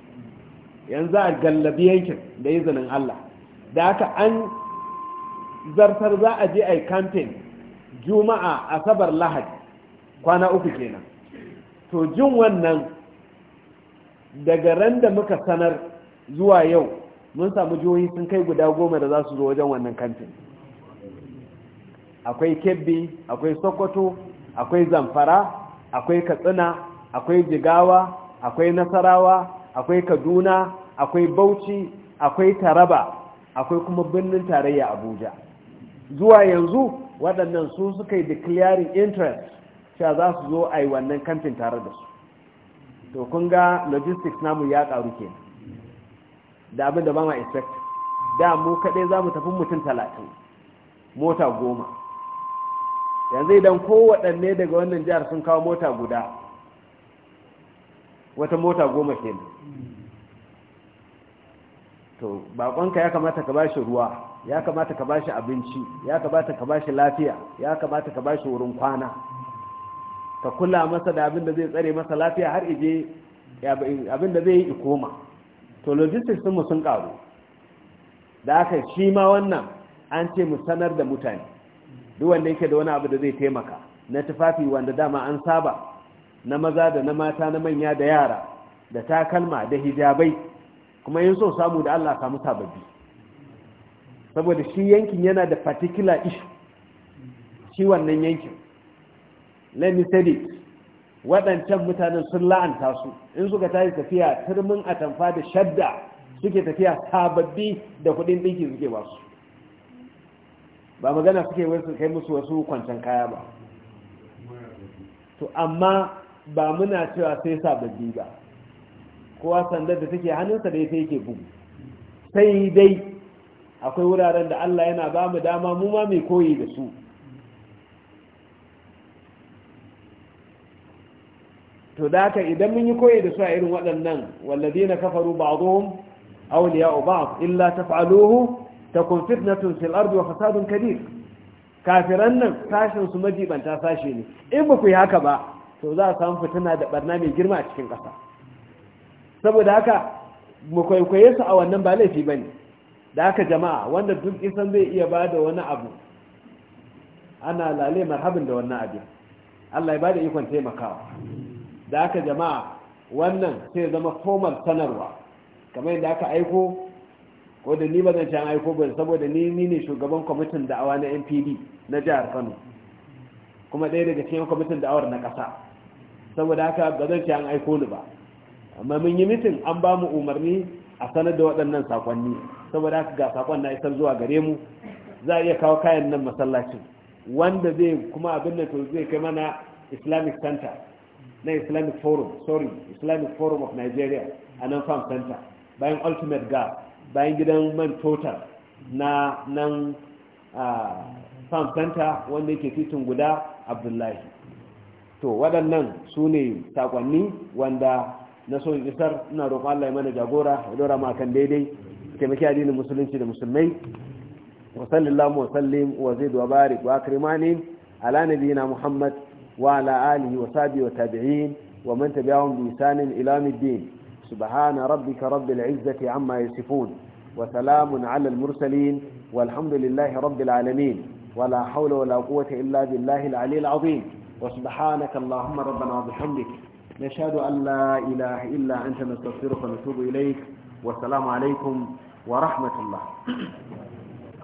A: yanzu a gallabi yankin da izinin Allah da aka an zartar za a je a yi campaign juma'a asabar lahadi kwana uku kenan to jin wannan daga ran da muka sanar zuwa yau mun samu jihohi sun kai guda goma da za su zo wajen wannan kantin akwai kebbi akwai sokoto akwai zamfara akwai katsina akwai jigawa akwai nasarawa akwai kaduna akwai bauchi akwai taraba akwai kuma birnin tarayya abuja zuwa yanzu waɗannan su suka yi declaring interest cewa za su zo a yi wannan kantin tare da su to kun ga logistics namu ya ƙaru kenan da abin da ba ma expect da mu kaɗai za mu tafi mutum talatin mota goma yanzu idan kowaɗanne daga wannan jihar sun kawo mota guda wata mota goma ke to bakonka ya kamata ka bashi ruwa ya kamata ka bashi abinci ya kamata ka bashi lafiya ya kamata ka bashi wurin kwana ka kula masa da abin da zai tsare masa lafiya har ije abin da zai yi ikoma to logistics mu sun karu da aka shi ma wannan an ce mu sanar da mutane duk wanda yake da wani abu da zai taimaka na tufafi wanda dama an saba na maza da na mata na manya da yara da takalma da hijabai kuma yin so samu da Allah samu sababbi saboda shi yankin yana da particular issue shi wannan yankin let me say it waɗancan mutanen sun la'anta su in suka tashi tafiya turmin atamfa da shadda suke tafiya sababbi da kuɗin ɗinki suke ba su ba magana suke wasu kai musu wasu kwancan kaya ba to amma ba muna cewa sai sababbi ba kowa sandar da take hannunsa da sai yake bugu sai dai akwai wuraren da Allah yana ba mu dama mu ma mai koyi da su to da haka idan mun yi koyi da su a irin waɗannan na kafaru ba'dhum awliya'u uba illa taf'aluhu takun na fil ardi wa fasadun Kadir, kafiran nan sashin su majibanta sashi ne in ba ku yi haka ba to za a samu fitina da barna mai girma a cikin ƙasa saboda haka mu kwaikwaye su a wannan ba laifi ne. da haka jama'a wanda duk isan zai iya ba da wani abu ana lale marhabin da wannan abin Allah ya ba da ikon taimakawa da aka jama'a wannan sai zama formal sanarwa kamar yadda aka aiko ko da ni ba zan can aiko ba saboda ni ni ne shugaban kwamitin da'awa na npd na jihar kano kuma ɗaya daga cikin kwamitin da'awar na ƙasa saboda haka ba zan can aiko ni ba amma mun yi mitin an ba mu umarni a sanar da waɗannan sakonni saboda haka ga sakon na isar zuwa gare mu za a iya kawo kayan nan masallacin wanda zai kuma abin da zai kai mana islamic center na islamic forum sorry islamic forum of nigeria a nan farm center bayan ultimate gas bayan gidan man total na nan farm center wanda yake titin guda abdullahi to waɗannan su ne sakonni wanda na so isar ina roƙon Allah ya mana jagora ya dora ma kan daidai taimaki addinin musulunci da musulmai wa sallallahu wa sallim wa wa barik wa akrimani ala nabiyina muhammad وعلى آله وصحبه وتابعين ومن تبعهم بإحسان إلى الدين سبحان ربك رب العزة عما يصفون وسلام على المرسلين والحمد لله رب العالمين ولا حول ولا قوة إلا بالله العلي العظيم وسبحانك اللهم ربنا وبحمدك نشهد أن لا إله إلا أنت نستغفرك ونتوب إليك والسلام عليكم ورحمة
B: الله